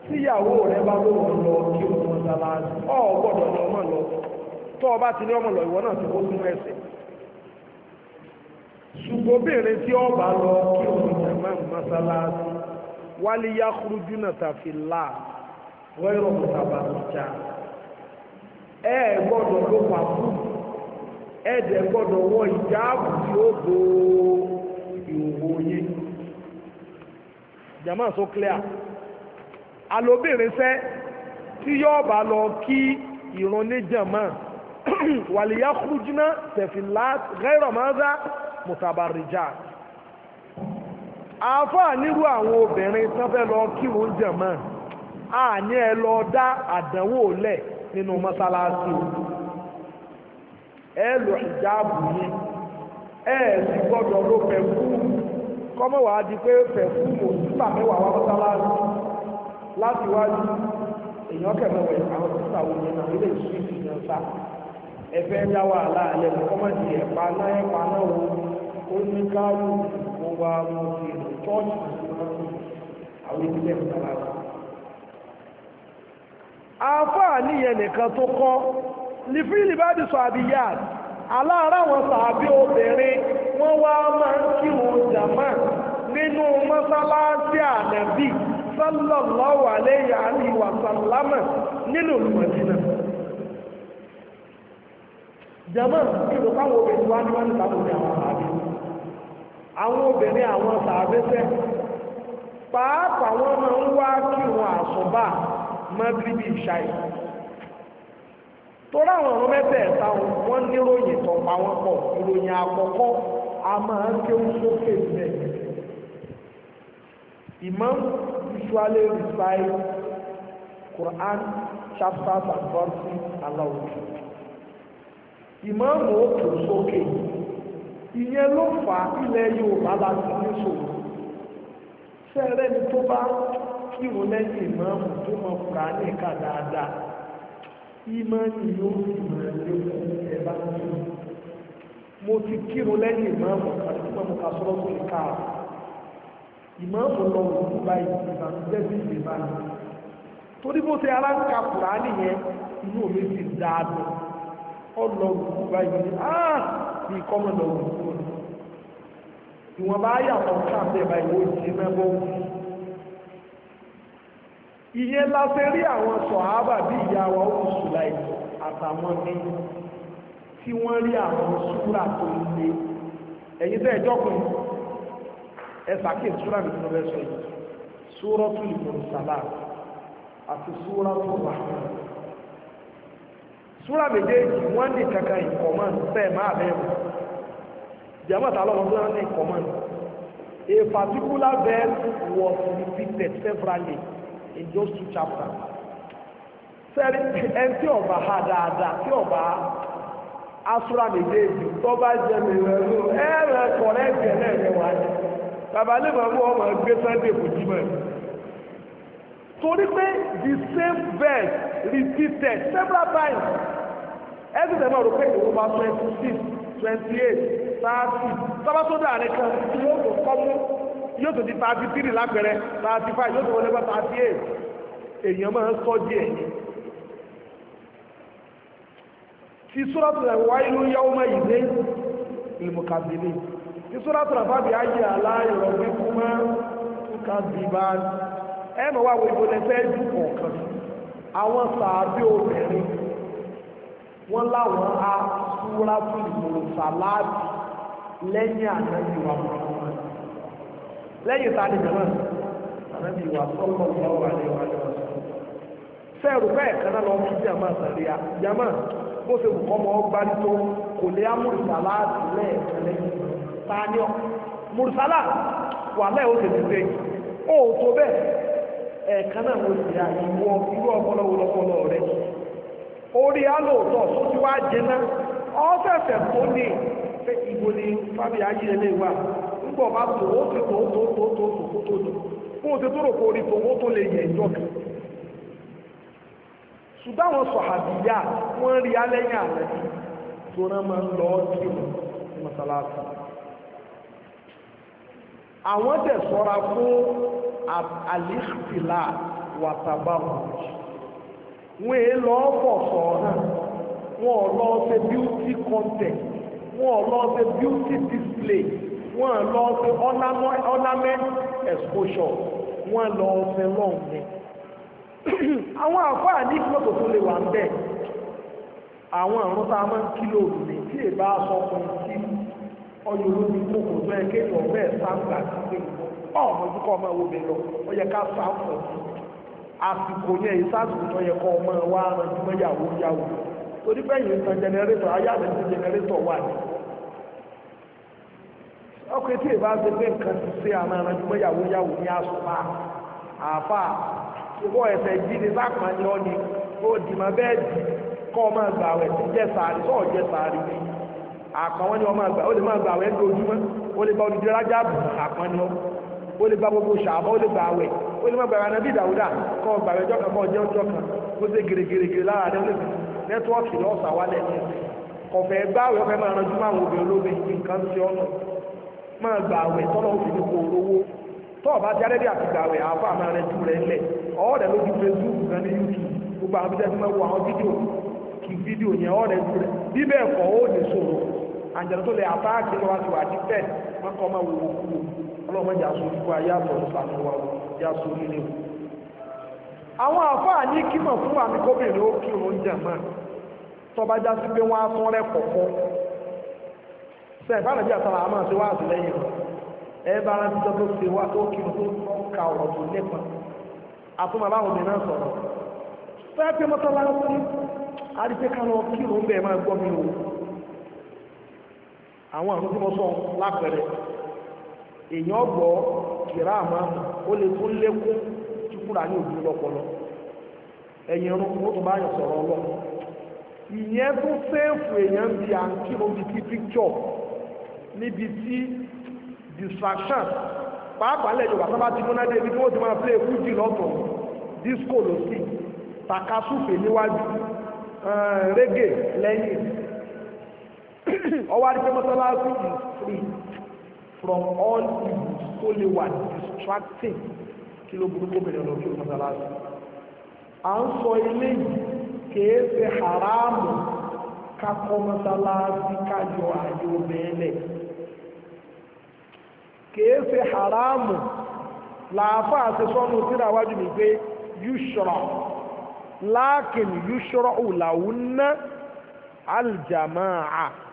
tíyàwó bá mọ̀ ọ gbọ́dọ̀ ọmọ lọ tó ti ní ọmọ lọ ìwọ náà ti kó ṣùgbọ́n béèrè tí ọba lọ kí òun jàmá mọ́sálásí wálé yá kúrú júnà tàfi là wẹ́rọ̀ mọ́tàbà níjà ẹ ẹ gbọ́dọ̀ ló pa fún ẹ dẹ̀ gbọ́dọ̀ wọ ìjáàbù tí ó bo ìhòòhò yín jàmá so clear alóbìnrin sẹ́ tí yọ́ọ̀bà lọ kí ìrun ní jàmá wàlíyá kúrú júnà tẹ̀fìlà gẹ́rọ̀ mọ́sálásí mutabarijat àáfàá nírú àwọn obìnrin tán fẹ́ lọ kírun jàmá àní ẹ lọ dá àdánwò lẹ̀ nínú mọ́sálásí ẹ lọ ìjáàbù yín ẹ sì gbọ́dọ̀ ló pẹ̀fúùmù kọ́mọ̀wá di pé pẹ̀fúùmù sísà mẹ́wàá wá mọ́sálásí láti wájú èèyàn kẹ̀mẹ́wẹ̀ àwọn sísà wo yẹn náà ilé ìsúwìsì yẹn sá ẹ fẹ́ dá wàhálà alẹ́ kọ́mọ̀dì ẹ̀pá náà ẹ̀pá náà wọ́n ó ní káàlù ó wá wọn fi tọ́ọ̀tì àti mọ́tò àwọn ilé ìtara wọn. àáfàá nìyẹn nìkan tó kọ́ ní fíìlì bá ti sọ àbíyá aláàárá wọn sàbí obìnrin wọ́n wá máa ń kírun jàmá nínú mọ́sálásí ànábì sallallahu alayhi alihi wa sallama nínú Madina jama ìlú káwọn obìnrin wá ní wọn ní sábò àwọn àbí àwọn obìnrin àwọn sàbẹ́sẹ́ pàápàá wọn máa ń wá kí wọn àsùnbà mọ́gíríbì ìṣáì torí àwọn ọ̀rọ̀ mẹ́tẹ̀ẹ̀ta wọn níròyìn tọ̀pá wọn pọ̀ ìròyìn àkọ́kọ́ a máa ń kéwú sókè bẹ́ẹ̀ imam usually recite Quran chapters and verses aloud imam ó kéwú sókè yìí ìyẹn ló fà á ilẹ̀ Yorùbá la ti ní ṣòro sẹ́rẹ́ ni tó bá kírun lẹ́yìn ìmọ̀ọ́mù tó mọ Kùránì ká dáadáa ìmọ̀ ni yóò fi mọ̀ ẹ̀lẹ́kùn ẹ̀ bá ń kírun mo ti kírun lẹ́yìn ìmọ̀ọ́mù àti tí mo kà sọ́rọ́ tó lè ká a ìmọ̀ọ́mù lọ òkú báyìí ìbànújẹ́ sí ìlè báyìí torí bó ṣe ara ń ka Kùránì yẹn inú mi ti dáadọ́ ọ lọ òkú báyìí áà àti kọ́mọ̀dọ̀ òkúrò ìwọ̀n bá yàtọ̀ káàkiri ẹ̀bá ìwò ìjì mẹ́bọ́ iye láti rí àwọn sọ̀hábà bí ìyá wa ó sù láì àtàwọn ní tí wọ́n rí àwọn súrà tó ń lé ẹ̀yin tẹ́ ẹjọ́kùn ẹ sàkíyèsí súrà mi tó bẹ́ sọ yìí súrọ́tù ìmọ̀ sàlá àti súrọ́tù wàhálà súra méjèèjì wọ́n ní kankan ìkọ̀mọ́n fẹ́ máa bẹ̀rù jẹ́mọ̀ta lọ́wọ́ tó ní ìkọ̀mọ́n a particular verse was repeated severally in those two chapters sẹ́rí ẹn tí ọba ha dáadáa tí ọba asúra méjèèjì tó bá jẹ mẹ́rẹ̀ẹ́rù ẹ̀rẹ̀ kọ̀rẹ́ẹ̀tì ẹ̀lẹ́ẹ̀mẹ́wàá ni bàbá lè máa mú ọmọ gbé sunday fún torí pé the same verse repeated several times ẹsẹ̀ tẹ̀ máa rò pé ìwọ́n bá twenty six twenty eight thirty sábàtúndà rẹ̀ kan yóò tó kọ́ mú yóò You di thirty three lápẹ̀rẹ̀ thirty five yóò tó wọlé bá thirty eight èèyàn máa ń sọ díẹ̀ ti suratul wailu the ìdè ìmùkàbìlì Allah suratul fàbí ayé aláìrọ̀ wípé kúmọ́ kúkà bíbá ẹ̀ mọ̀ wá wo ìbò lẹ́fẹ́ dùn kọ̀ọ̀kan àwọn sàábí obìnrin wọ́n láwọn á súra tó ìmọ̀ràn sàláàdì lẹ́yìn ànábì wa Muhammad lẹ́yìn tani jọ̀wọ́n ànábì wa sọ́kọ̀ lọ́wọ́ àlẹ́wà àlẹ́wà sẹ́ẹ̀rù bẹ́ẹ̀ kan náà lọ fún jàmá sàríà jàmá bó ṣe kọ́ mọ́ gbárí tó kò lè amúrù sàláàdì lẹ́ẹ̀kan lẹ́yìn tani ọ̀ mùrùsálà wà lẹ́ẹ̀ ó ṣe ti o ó tó bẹ́ẹ̀ ẹ̀ẹ̀kan náà mo sì ra ìwọ irú ọpọlọ wo lọpọlọ rẹ orí alóòótọ́ tó ti wá jẹná ọ́sẹ̀sẹ̀ tó ní pé ìbò ni fábí ayílẹ̀ wà nígbọ̀ bá tó ó ti tó tó tó tó tó tó tó fún òṣè tó rò kó orí tó ó tó lè yẹ ìjọ kan ṣùgbọ́n àwọn tẹ̀ sọ́ra fún àlìsìlá wàtàbàwọ̀ wọn è lọ pọ̀ sọ̀rọ̀ wọn ò lọ ṣe beauty contest wọn lọ ṣe beauty display wọn ò lọ ṣe ornament exposure wọn lọ ṣe lọ́ọ̀mù àwọn àfáà ní ìpínlẹ̀ tó lè wà ń bẹ̀ àwọn àrùn tá a máa ń kí lóòrùn ní tí èbá sọ fún kí ọyọ olóbi kó kò tó ẹ kéèyàn ọgbẹ ẹ sáńgbà sí pé ọmọ ojú kọ ọmọ ẹwọ mi lọ ó yẹ ká sáńgbà sí àsìkò yẹn ìsásùkò tó yẹ kọ ọmọ wa ràn jù mẹyàwó yàwó torí bẹ́ẹ̀ yìí ń tan jẹnẹrétọ̀ ayáàlẹ̀ sí jẹnẹrétọ̀ wà ní. ọkùnrin tí ìbá ṣe pé nǹkan ti ṣe àmọ́ ràn jù mẹyàwó yàwó ní àsùnmá àfà ìwọ ẹsẹ̀ jí ni sápá ni ọ ni ó dì má bẹ́ẹ̀ dì kọ́ ọmọ ẹgbàá rẹ̀ sí jẹ́sàárì sọ́ọ̀ àpá wọn ni wọn máa gbà ó lè máa gbà àwẹ̀ ní ojúmọ́ ó lè gba olùdíje rájá bù àpá ni wọn ó lè gba gbogbo ṣàbọ̀ ó lè gba àwẹ̀ ó lè má gbà àná bí ìdàwúdà kọ́ ọgbà rẹ̀ jọ́kan kọ́ ọjọ́ ọjọ́ kan ó ṣe gèrègèrègèrè lára rẹ̀ ó lè fi nẹ́tíwọ́ọ̀kì lọ́ọ̀sà wálẹ̀ ní kọ̀fẹ́ gbáwẹ̀ ọ̀fẹ́ máa ranjú máa wo obìnrin olóbi nǹkan ti ọ̀nà máa gbà àwẹ̀ tọ́lọ́ òfin kò lówó tọ́ọ̀bá ti arẹ́dẹ́ àti gbà àwẹ̀ àáfà máa rẹ jù rẹ̀ ńlẹ̀ ọ̀ọ́dẹ̀ lójú Facebook gan ní YouTube gbogbo àwọn bíjẹ́ ti máa wo àwọn fídíò kì fídíò yẹn ọ̀ọ́dẹ̀ jù rẹ̀ bí bẹ́ẹ̀ kọ́ ó lè sọ̀rọ̀ àjẹ̀rẹ̀ tó lè àtàkì lọ́wọ́ ti wà ní tẹ̀ wọ́n kọ́ ọmọ wò wò kú ọlọ́mọdé aṣọ òkú ayáàtọ̀ ìsànú wa yá sọ nílé wò. àwọn àfáà ní kímọ̀ fún àmì gómìnà ó kí òun jẹ̀ mọ́ tọ́ba já sí pé wọ́n á tán rẹ̀ kọ̀ọ̀kan sẹ́yìn fáwọn ìjà sára àmọ́ ṣe wá àtìlẹ́yìn rẹ̀ ẹ bá rántí tó tó ṣe wá tó kí n tó ka ọ̀rọ̀ tó nípa àtúmọ̀ báwọn obìnrin náà sọ̀rọ̀ fẹ́ẹ́ pé mọ́tọ́lá ń sí àdìpé ká àwọn àrùn tí wọ́n sọ lápẹẹrẹ èèyàn ọgbọ kìrá àmọ́ ó lè tún lékún tí kúrà ní òbí lọpọlọ ẹ̀yìn irun ó tún bá yàn sọ̀rọ̀ ọlọ́run ìyẹn tó séèfù èèyàn bí i à ń kírun ti picture níbi tí distraction pàápàá lẹ́yìn ọ̀gá sábà ti múná dé tí wọ́n ti máa play fújì lọ́tọ̀ disco ló sì takasúfè níwájú reggae lẹ́yìn ọwọ́ adé mọ́sálásí is free from all evil tó lè distracting kí ló burúkú bẹ̀rẹ̀ lọ kí o mọ́sálásí à ń sọ ilé yìí kìí ṣe haramu kakọ mọ́sálásí kájọ àyè obìnrin kìí haramu làáfà àti síra wájú mi pé yúṣọ̀rọ̀ láàkìn yúṣọ̀rọ̀ òlàwùn náà aljamaa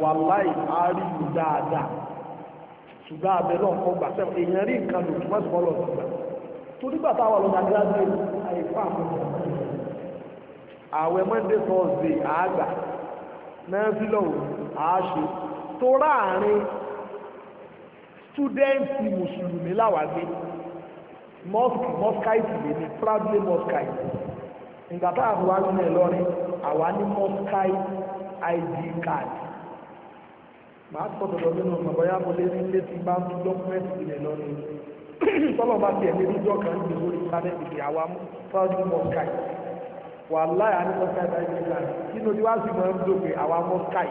wàláì àárín dáadáa ṣùgbọ́n abẹ́ náà kọ́ gbà sẹ́wọ̀n èèyàn rí nǹkan lò tó mọ́sùn bọ́ọ̀lù ọ̀gbà torí bàtà wà lọ́dà gíláàsì àìfà àwẹ̀ monday thursday àgbà nẹ́ẹ̀fílọ̀ àáṣe tó ráàrin túdẹ́ǹtì mùsùlùmí láwàgbé mosque mosquite lè ní proudly mosquite ìgbà táwọn àwọn àgbẹ̀ lọ́rin àwa ní mosquite id card màá sọ̀tọ̀tọ̀ nínú ọ̀nà bọ́yá mo ní ilé tí bá ń tún dọ́kúmẹ́ǹtì rẹ̀ lọ ni tọ́lọ̀ bá tiẹ̀ lé níjọ́ kan ní ìwé orí sábẹ́ǹtì kì àwa mú fáwọn mọ́skáì wà láyà ní mọ́skáì bá yẹ ká inú tí wá sì máa ń dògbé àwa mọ́skáì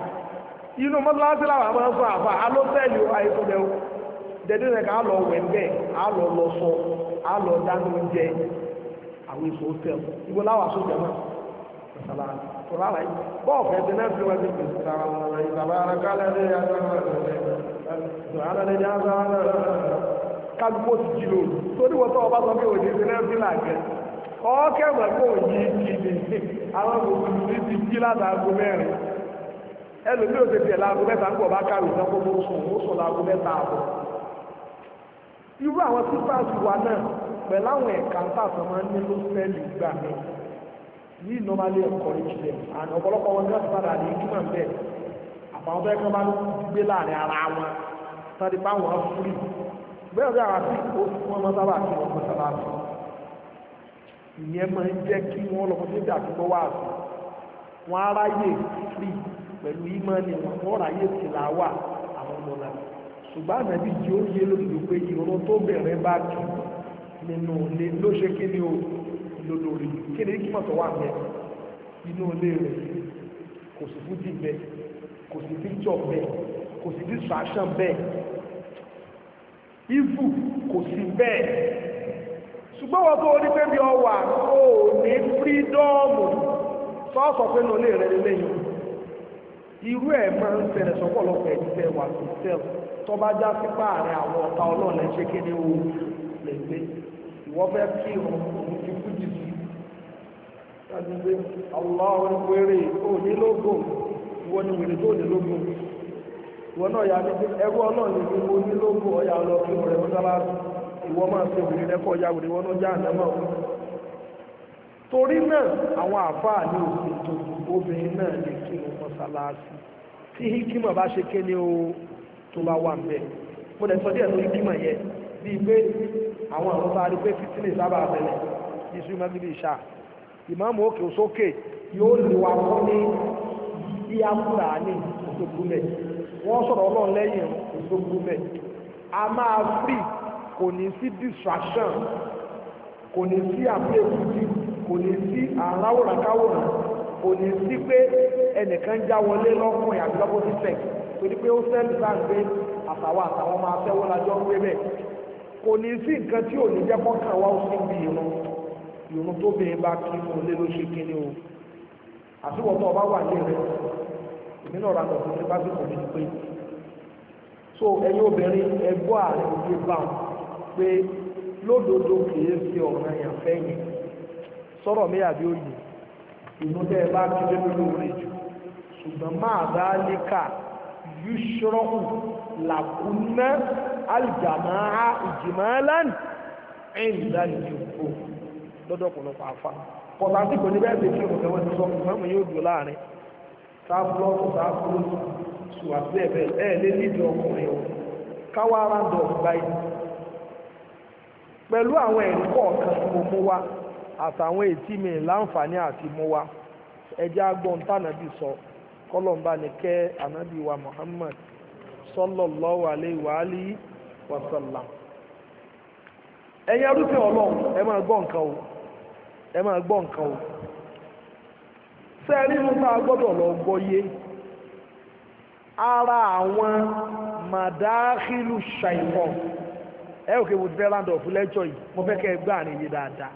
inú mọ́sálásí làwọn máa ń sọ àfà alọ́sẹ̀lì àìsọ̀dẹ̀ dẹ̀dẹ̀ rẹ̀ ká lọ wẹ̀ bẹ́ẹ̀ sọ tọ́lá láyé bọ́ọ̀ fẹ́ ti náà fi wọ́n ti pèsè sára wọn lọ ìtàbá ara kálẹ̀ lé kágbó ti jí lò torí wọ́n tọ́ ọba sọ pé òní ti náà fi làgẹ́ ọ̀ọ́kẹ́ mọ̀ pé òní kìíní àwọn òkùnkùn ti ti jí látàgbo mẹ́rin ẹlòmíì ò tètè láago mẹ́ta nígbà ọba kárò ìtàn kó mọ́ sùn ó sùn láago mẹ́ta àbọ̀ irú àwọn sípàsì wa náà pẹ̀láwọn ẹ̀ka ń tàfẹ́ máa ń ní lọ́sẹ̀lì gbà mí we normally encourage them and ọ̀pọ̀lọpọ̀ wọn just padà ní ìtumọ̀ bẹ́ẹ̀ àpàwọn tó yẹ kí wọ́n bá gbé láàrin ara wọn tàbí báwọn fúri bẹ́ẹ̀ bí àwọn àti ó fún wọn sábà kí wọ́n mọ́ sábà sí ìyẹn máa ń jẹ́ kí wọ́n lọ́kọ́ sí ìdí àtúgbọ́ wà sí wọn aráyè fúri pẹ̀lú ìmọ̀ni wọn ráyè sí làwà àwọn ọmọ náà ṣùgbọ́n àmẹ́bí tí ó yé lórí ìlú pé ìrún tó bẹ̀rẹ̀ bá kí nínú ilé ló ṣe kí ni o lólórí kí ni kí mọ̀tọ̀ wà bẹ́ẹ̀ inú ilé rẹ̀ kò sí fújì bẹ́ẹ̀ kò sí píjọ bẹ́ẹ̀ kò sí distraction bẹ́ẹ̀ ivu kò sí bẹ́ẹ̀ ṣùgbọ́n wọ́n tó ní pé bí ọ wà ó ní fírídọ́ọ̀mù sọ́ọ̀sọ̀ pé ní olè rẹ̀ lélẹ́yìn irú ẹ̀ máa ń ṣẹlẹ̀ sọ́pọ̀lọpọ̀ ẹ̀yìn tẹ́ wà sí tẹ́lù tó bá já sí páàrin àwọn ọ̀tá ọlọ́ọ̀lẹ́ ṣe kéde o lè gbé ìwọ́fẹ́ kí ìrọ̀rùn àdúgbò ọlọ́run péré onílógún ìwọ ni wèrè tó nílógún ìwọ náà yà ní ẹgbẹ́ ọlọ́run ní gbogbo onílógún ọ̀yà ọlọ́run rẹ̀ wọ́n dára ìwọ máa ṣe wèrè lẹ́kọ̀ọ́ ya wèrè wọ́n náà já àdámọ̀ torí náà àwọn àfáà ní òfin tó obìnrin náà lè kí wọn mọ́sálásí tí hikima bá ṣe kéde o tó bá wà mbẹ mo lè sọ díẹ̀ lórí hikima yẹ bíi pé àwọn àwọn bá rí pé fitinẹ sábà bẹ̀rẹ̀ isu magidi ṣáà ìmáàmù òkè sókè yóò lè wà fún ní bí amúra ní òṣogúnmẹ̀ wọ́n sọ̀rọ̀ ọlọ́run lẹ́yìn òṣogúnmẹ̀ a máa free kò ní sí distraction kò ní sí àpéjúdí kò ní sí àráwòràkáwòrán kò ní sí pé ẹnìkan já wọlé lọ́kùnrin àti lọ́kùn sí sex torí pé ó sẹ́ẹ̀lì sáà ń gbé àtàwọn àtàwọn máa fẹ́ wọ́n gbé bẹ́ẹ̀ kò ní sí nǹkan tí ò ní jẹ́ kọ́kàn wá ó sì ń bí irun ìrún tó bèèrè bá kí fún olé ló ṣe kí ni o àtiwọ̀tọ̀ ọba wà ní rẹ̀ èmi náà ràgbọ̀ tó ti bá sì kọ̀ọ̀dé pé so ẹ̀yin obìnrin ẹgbọ́ ààrẹ òde bá wọn pé lódodo kìí ṣe ọ̀ràn èèyàn fẹ́yìn sọ̀rọ̀ mi àbí òyìn ìrún tẹ́ ẹ bá kí lé lórí jù ṣùgbọ́n máa bá líkà yúṣọ́rọ̀hùn làkúnná àlìjàmáà ìjìmọ́lá ìrìnlá ìjòkó lọ́dọ̀ ọ̀pọ̀lọpọ̀ àfa kọ̀ọ̀tà kò ní bẹ́ẹ̀ ṣe kírun kẹwọ́n ti sọ ìmọ̀ọ́mù yóò dùn láàrin lé o káwá rándọ̀ báyìí pẹ̀lú àwọn ẹ̀rí kọ̀ọ̀kan mo mú wá àtàwọn ètí mi láǹfààní àti mú sọ ní Muhammad Sọlọ ẹ máa ẹ máa gbọ́ nǹkan o sẹ́ẹ̀rí inú tá a gbọ́dọ̀ lọ gbọ́ yé ara àwọn màdáhìlù ṣàìkọ́ ẹ ò kéwòn ti fẹ́ round of lecture yìí mo fẹ́ kẹ́ ẹ gbá àárín yìí dáadáa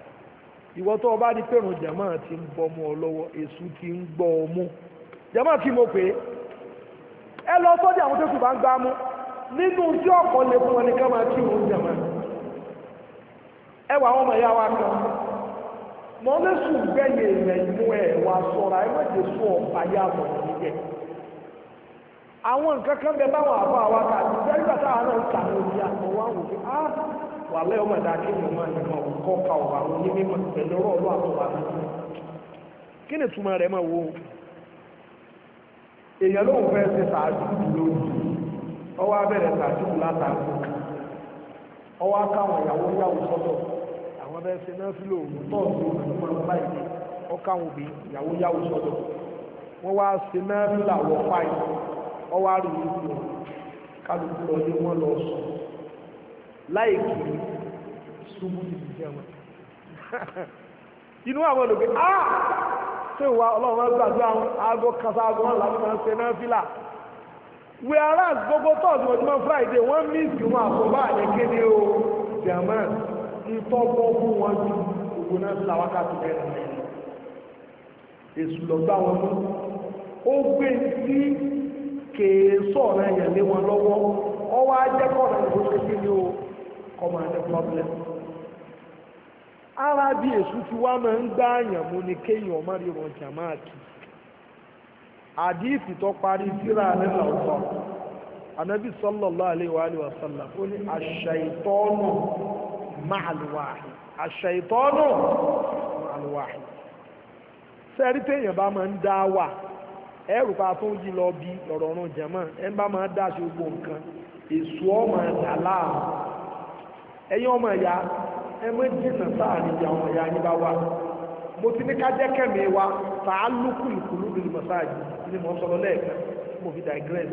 ìwọ tó o bá di pẹ̀rùn jẹ̀mọ́ ti ń bọ́ ọmọ lọ́wọ́ èṣù ti ń gbọ́ ọmú jẹ̀mọ́ tí mo pè é ẹ lọ sọ́jà àwọn tó kù bá ń gbá mú nínú tí ọ̀pọ̀ lè fún wọn ní ká máa kí òun jẹ̀mọ́ ẹ wà àwọn ọmọ ìyá wa kan mọ ní sùn gbẹ̀yìn èèyàn ìmú ẹ̀ ẹ àwọn báwọn àwa àwọn wa wò pé á ah, wà lẹ́yìn ọmọ ìdá kí ni ọmọ ìmọ̀ kọ́ ka ọ̀wà òní mímọ̀ pẹ̀lú ọ̀rọ̀ ọ̀rọ̀ àtọ̀wà mi kí ni túmọ̀ rẹ̀ máa wo èèyàn fẹ́ ṣe ọwọ́ abẹ́rẹ́ látàkùn ọwọ́ akáwọn ìyàwó yàwó sọ́tọ̀ àwọn bẹ́ẹ̀ ṣe náà fílò tọ́ọ̀tù àwọn ọmọ báyìí ọkà àwọn òbí ìyàwó yàwó sọ́dọ̀ wọ́n wá ṣe náà fílò àwọn páì ọwọ́ àrùn ìlú kálukú lọ ní wọ́n lọ sọ láì kiri ṣubú ní ìdíjẹ́ wọn inú àwọn olùgbé á ṣé ìwà ọlọ́run máa gbàgbé àwọn aago kasa aago wọn làwọn máa ṣe náà fílà whereas gbogbo tọ́ọ̀tù ọjọ́ Friday wọ́n mí ìsìn àkọ́bá àyẹ̀kẹ́ ní o german ìtọ́gbọ́ fún wọn ju gbogbo náà ti làwákàtí bẹ́ẹ̀ náà èsù lọ́gbà wọn mú ó gbé sí kèésọ̀ náà yẹn lé wọn lọ́wọ́ ọwọ́ ajẹ́kọ̀ọ́ náà ló ṣe kọ́ máa ní ara bí èsù wá máa ń gbá àyàn mú ni kéèyàn ọmọ parí síra nílà ọ̀tọ̀ sallallahu máàlùwàhì àṣẹ̀ìtọ́nù máàlùwàhì sẹ́rí téèyàn bá máa ń dá wà ẹrù pa tó ń yí lọ bí lọ̀rọ̀ ọ̀run jẹ̀mọ́ ẹ bá máa dá sí gbogbo nǹkan èso ọmọ ẹ̀dá láàmú ẹ̀yin ọmọ ẹ̀yà ẹ mọ́ jìnnà sáàrin ìyá ọmọ ẹ̀yà yín bá wà mo ti ní ká jẹ́ kẹ́mi wa tá a lókù ìkùlù lórí mọ̀sáàjì ni mo sọ lọ mo fi digress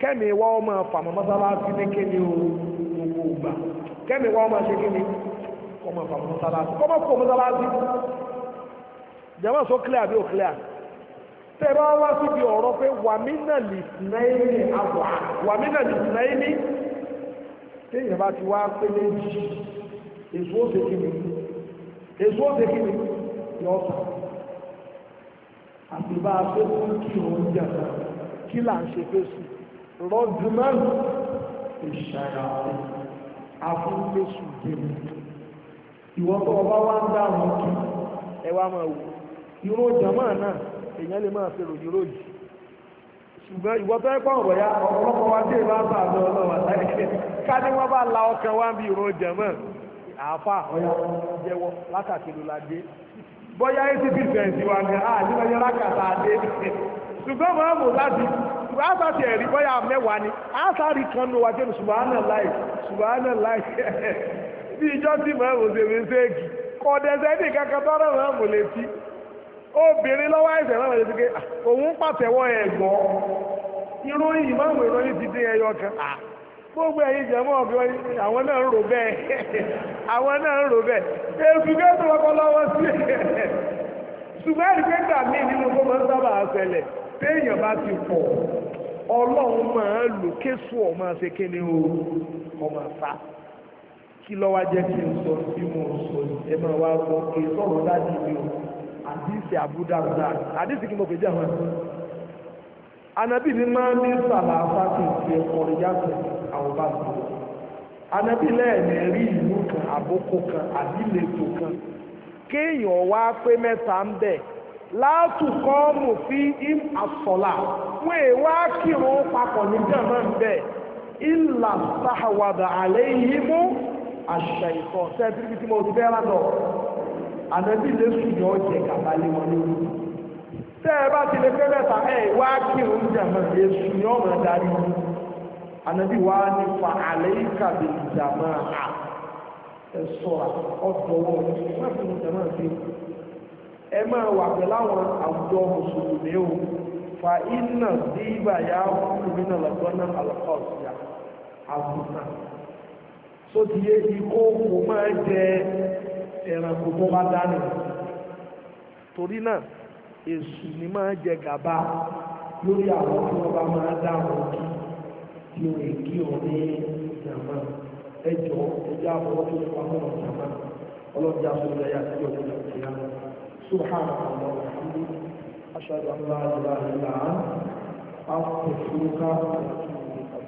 kẹ́mi wa ọmọ àfàmọ́ mọ́sálásí ní kéde o gbogbo ògbà kẹ́mi wọ́n máa ṣe kí ni kọ́mọ fàmù mọ́sálásí kọ́mọ kò mọ́sálásí jẹ́mọ́ sọ clear bí ó clear tẹ́ bá wá síbi ọ̀rọ̀ pé wàmínà lè sinayini àwà wàmínà lè sinayini tí èèyàn bá ti wá pé méjì èso ó ṣe kí ni èso ó ṣe kí ni yọ sàn àti bá a ṣe fún kí òun jẹ kí là ń ṣe fèsì rọ́ọ̀dùmọ́nù ìṣàyà afúnlẹ́sù jẹ̀mú ìwọ́n tó ọba wá ń dá àwọn kí ẹ wá máa wò irun jàmáà náà èèyàn lè máa fi ròjì ròjì ṣùgbọ́n ìwọ́n tó ẹ̀kọ́ ọ̀rọ̀ ya ọ̀pọ̀lọpọ̀ wa dé bá bá àbẹ̀ ọlọ́wà sáré ká ní wọ́n bá la ọkàn wá bí irun jàmáà àáfà ọ̀yà jẹ́wọ́ lákàkiri la dé bọ́yá eighty percent wa ni a nígbà yẹn lákàtà dé ṣùgbọ́n àtàtì ẹ̀rí bọ́yà mẹ́wàá ni àtàrí kan ló wà jẹ́ láì ṣùgbọ́n láì bí ìjọ tí mọ̀ ẹ̀wọ̀n ṣe fi ṣe èkì kọ̀ ní kankan tọ́rọ̀ mọ̀ ẹ̀wọ̀n obìnrin lọ́wọ́ ẹ̀sẹ̀ òun pàtẹ́wọ́ ìròyìn ìmọ̀wé gbogbo àwọn náà ń rò àwọn náà ń rò èsù sí ṣùgbọ́n téèyàn bá ti pọ̀ ọlọ́run máa lò kéṣù ọ̀ máa ṣe kí ni o ọmọ àfa kí lọ́wọ́ jẹ́ kí n sọ bí mo sọ ẹ máa wá gbọ́ kí n sọ̀rọ̀ dájú mi o àdìsí àbúdàgbà àdìsí kí mo fẹ́ jẹ́ àwọn anabi ni máa ń ní sàlà afáàkì ìfẹ́ ọ̀rẹ́ yàtọ̀ àwọn bá sọ anabi lẹ́ẹ̀mí rí ìlú kan àbókò kan àbílẹ̀ ètò kan kéèyàn wá pé mẹ́ta ń bẹ̀ látùkọ́ mò fi im àsọ̀là wọ́n èwá kírun papọ̀ ní jẹ́mọ́ ń bẹ̀ ìlà sáhàwàdà àlẹ́ yìí mú àṣà ìkọ̀ sẹ́ẹ̀tì tí mo ti fẹ́ lánàá àdẹ́bí lè sùjọ́ jẹ kàbálẹ̀ wọn ní orí tẹ́ ẹ bá ti lè fẹ́ mẹ́ta ẹ̀ wá kírun jẹ̀mọ́ èsù ni ọmọ darí àdẹ́bí wá ní fa àlẹ́ ìkàbẹ̀ ìjàmọ́ à ẹ̀ sọ̀rọ̀ ọ̀dọ̀wọ̀ ìfẹ́ fún jẹ̀mọ́ ẹ máa wà pẹ̀lú àwọn àwùjọ mùsùlùmí o fa iná sí ibà yá mùsùlùmí náà lọ́gbọ́nà alakọ́ọ̀sì àgùntàn tó ti yé ikó kò máa jẹ ẹranko tó bá dání torí náà èṣù ni máa jẹ gàba lórí àwọn tí wọ́n bá máa dáhùn kí tí ó lè kí ọ ní ìjàmbá ẹjọ́ ẹjọ́ àbọ̀wọ́ tó ti pa mọ́ ìjàmbá ọlọ́jà sọ̀rọ̀ ẹ̀yà tí ó ti lọ sí سبحانك اللهم وبحمدك أشهد أن لا إله إلا أنت أستغفرك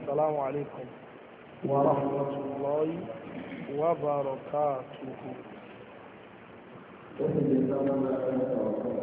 السلام عليكم ورحمة الله وبركاته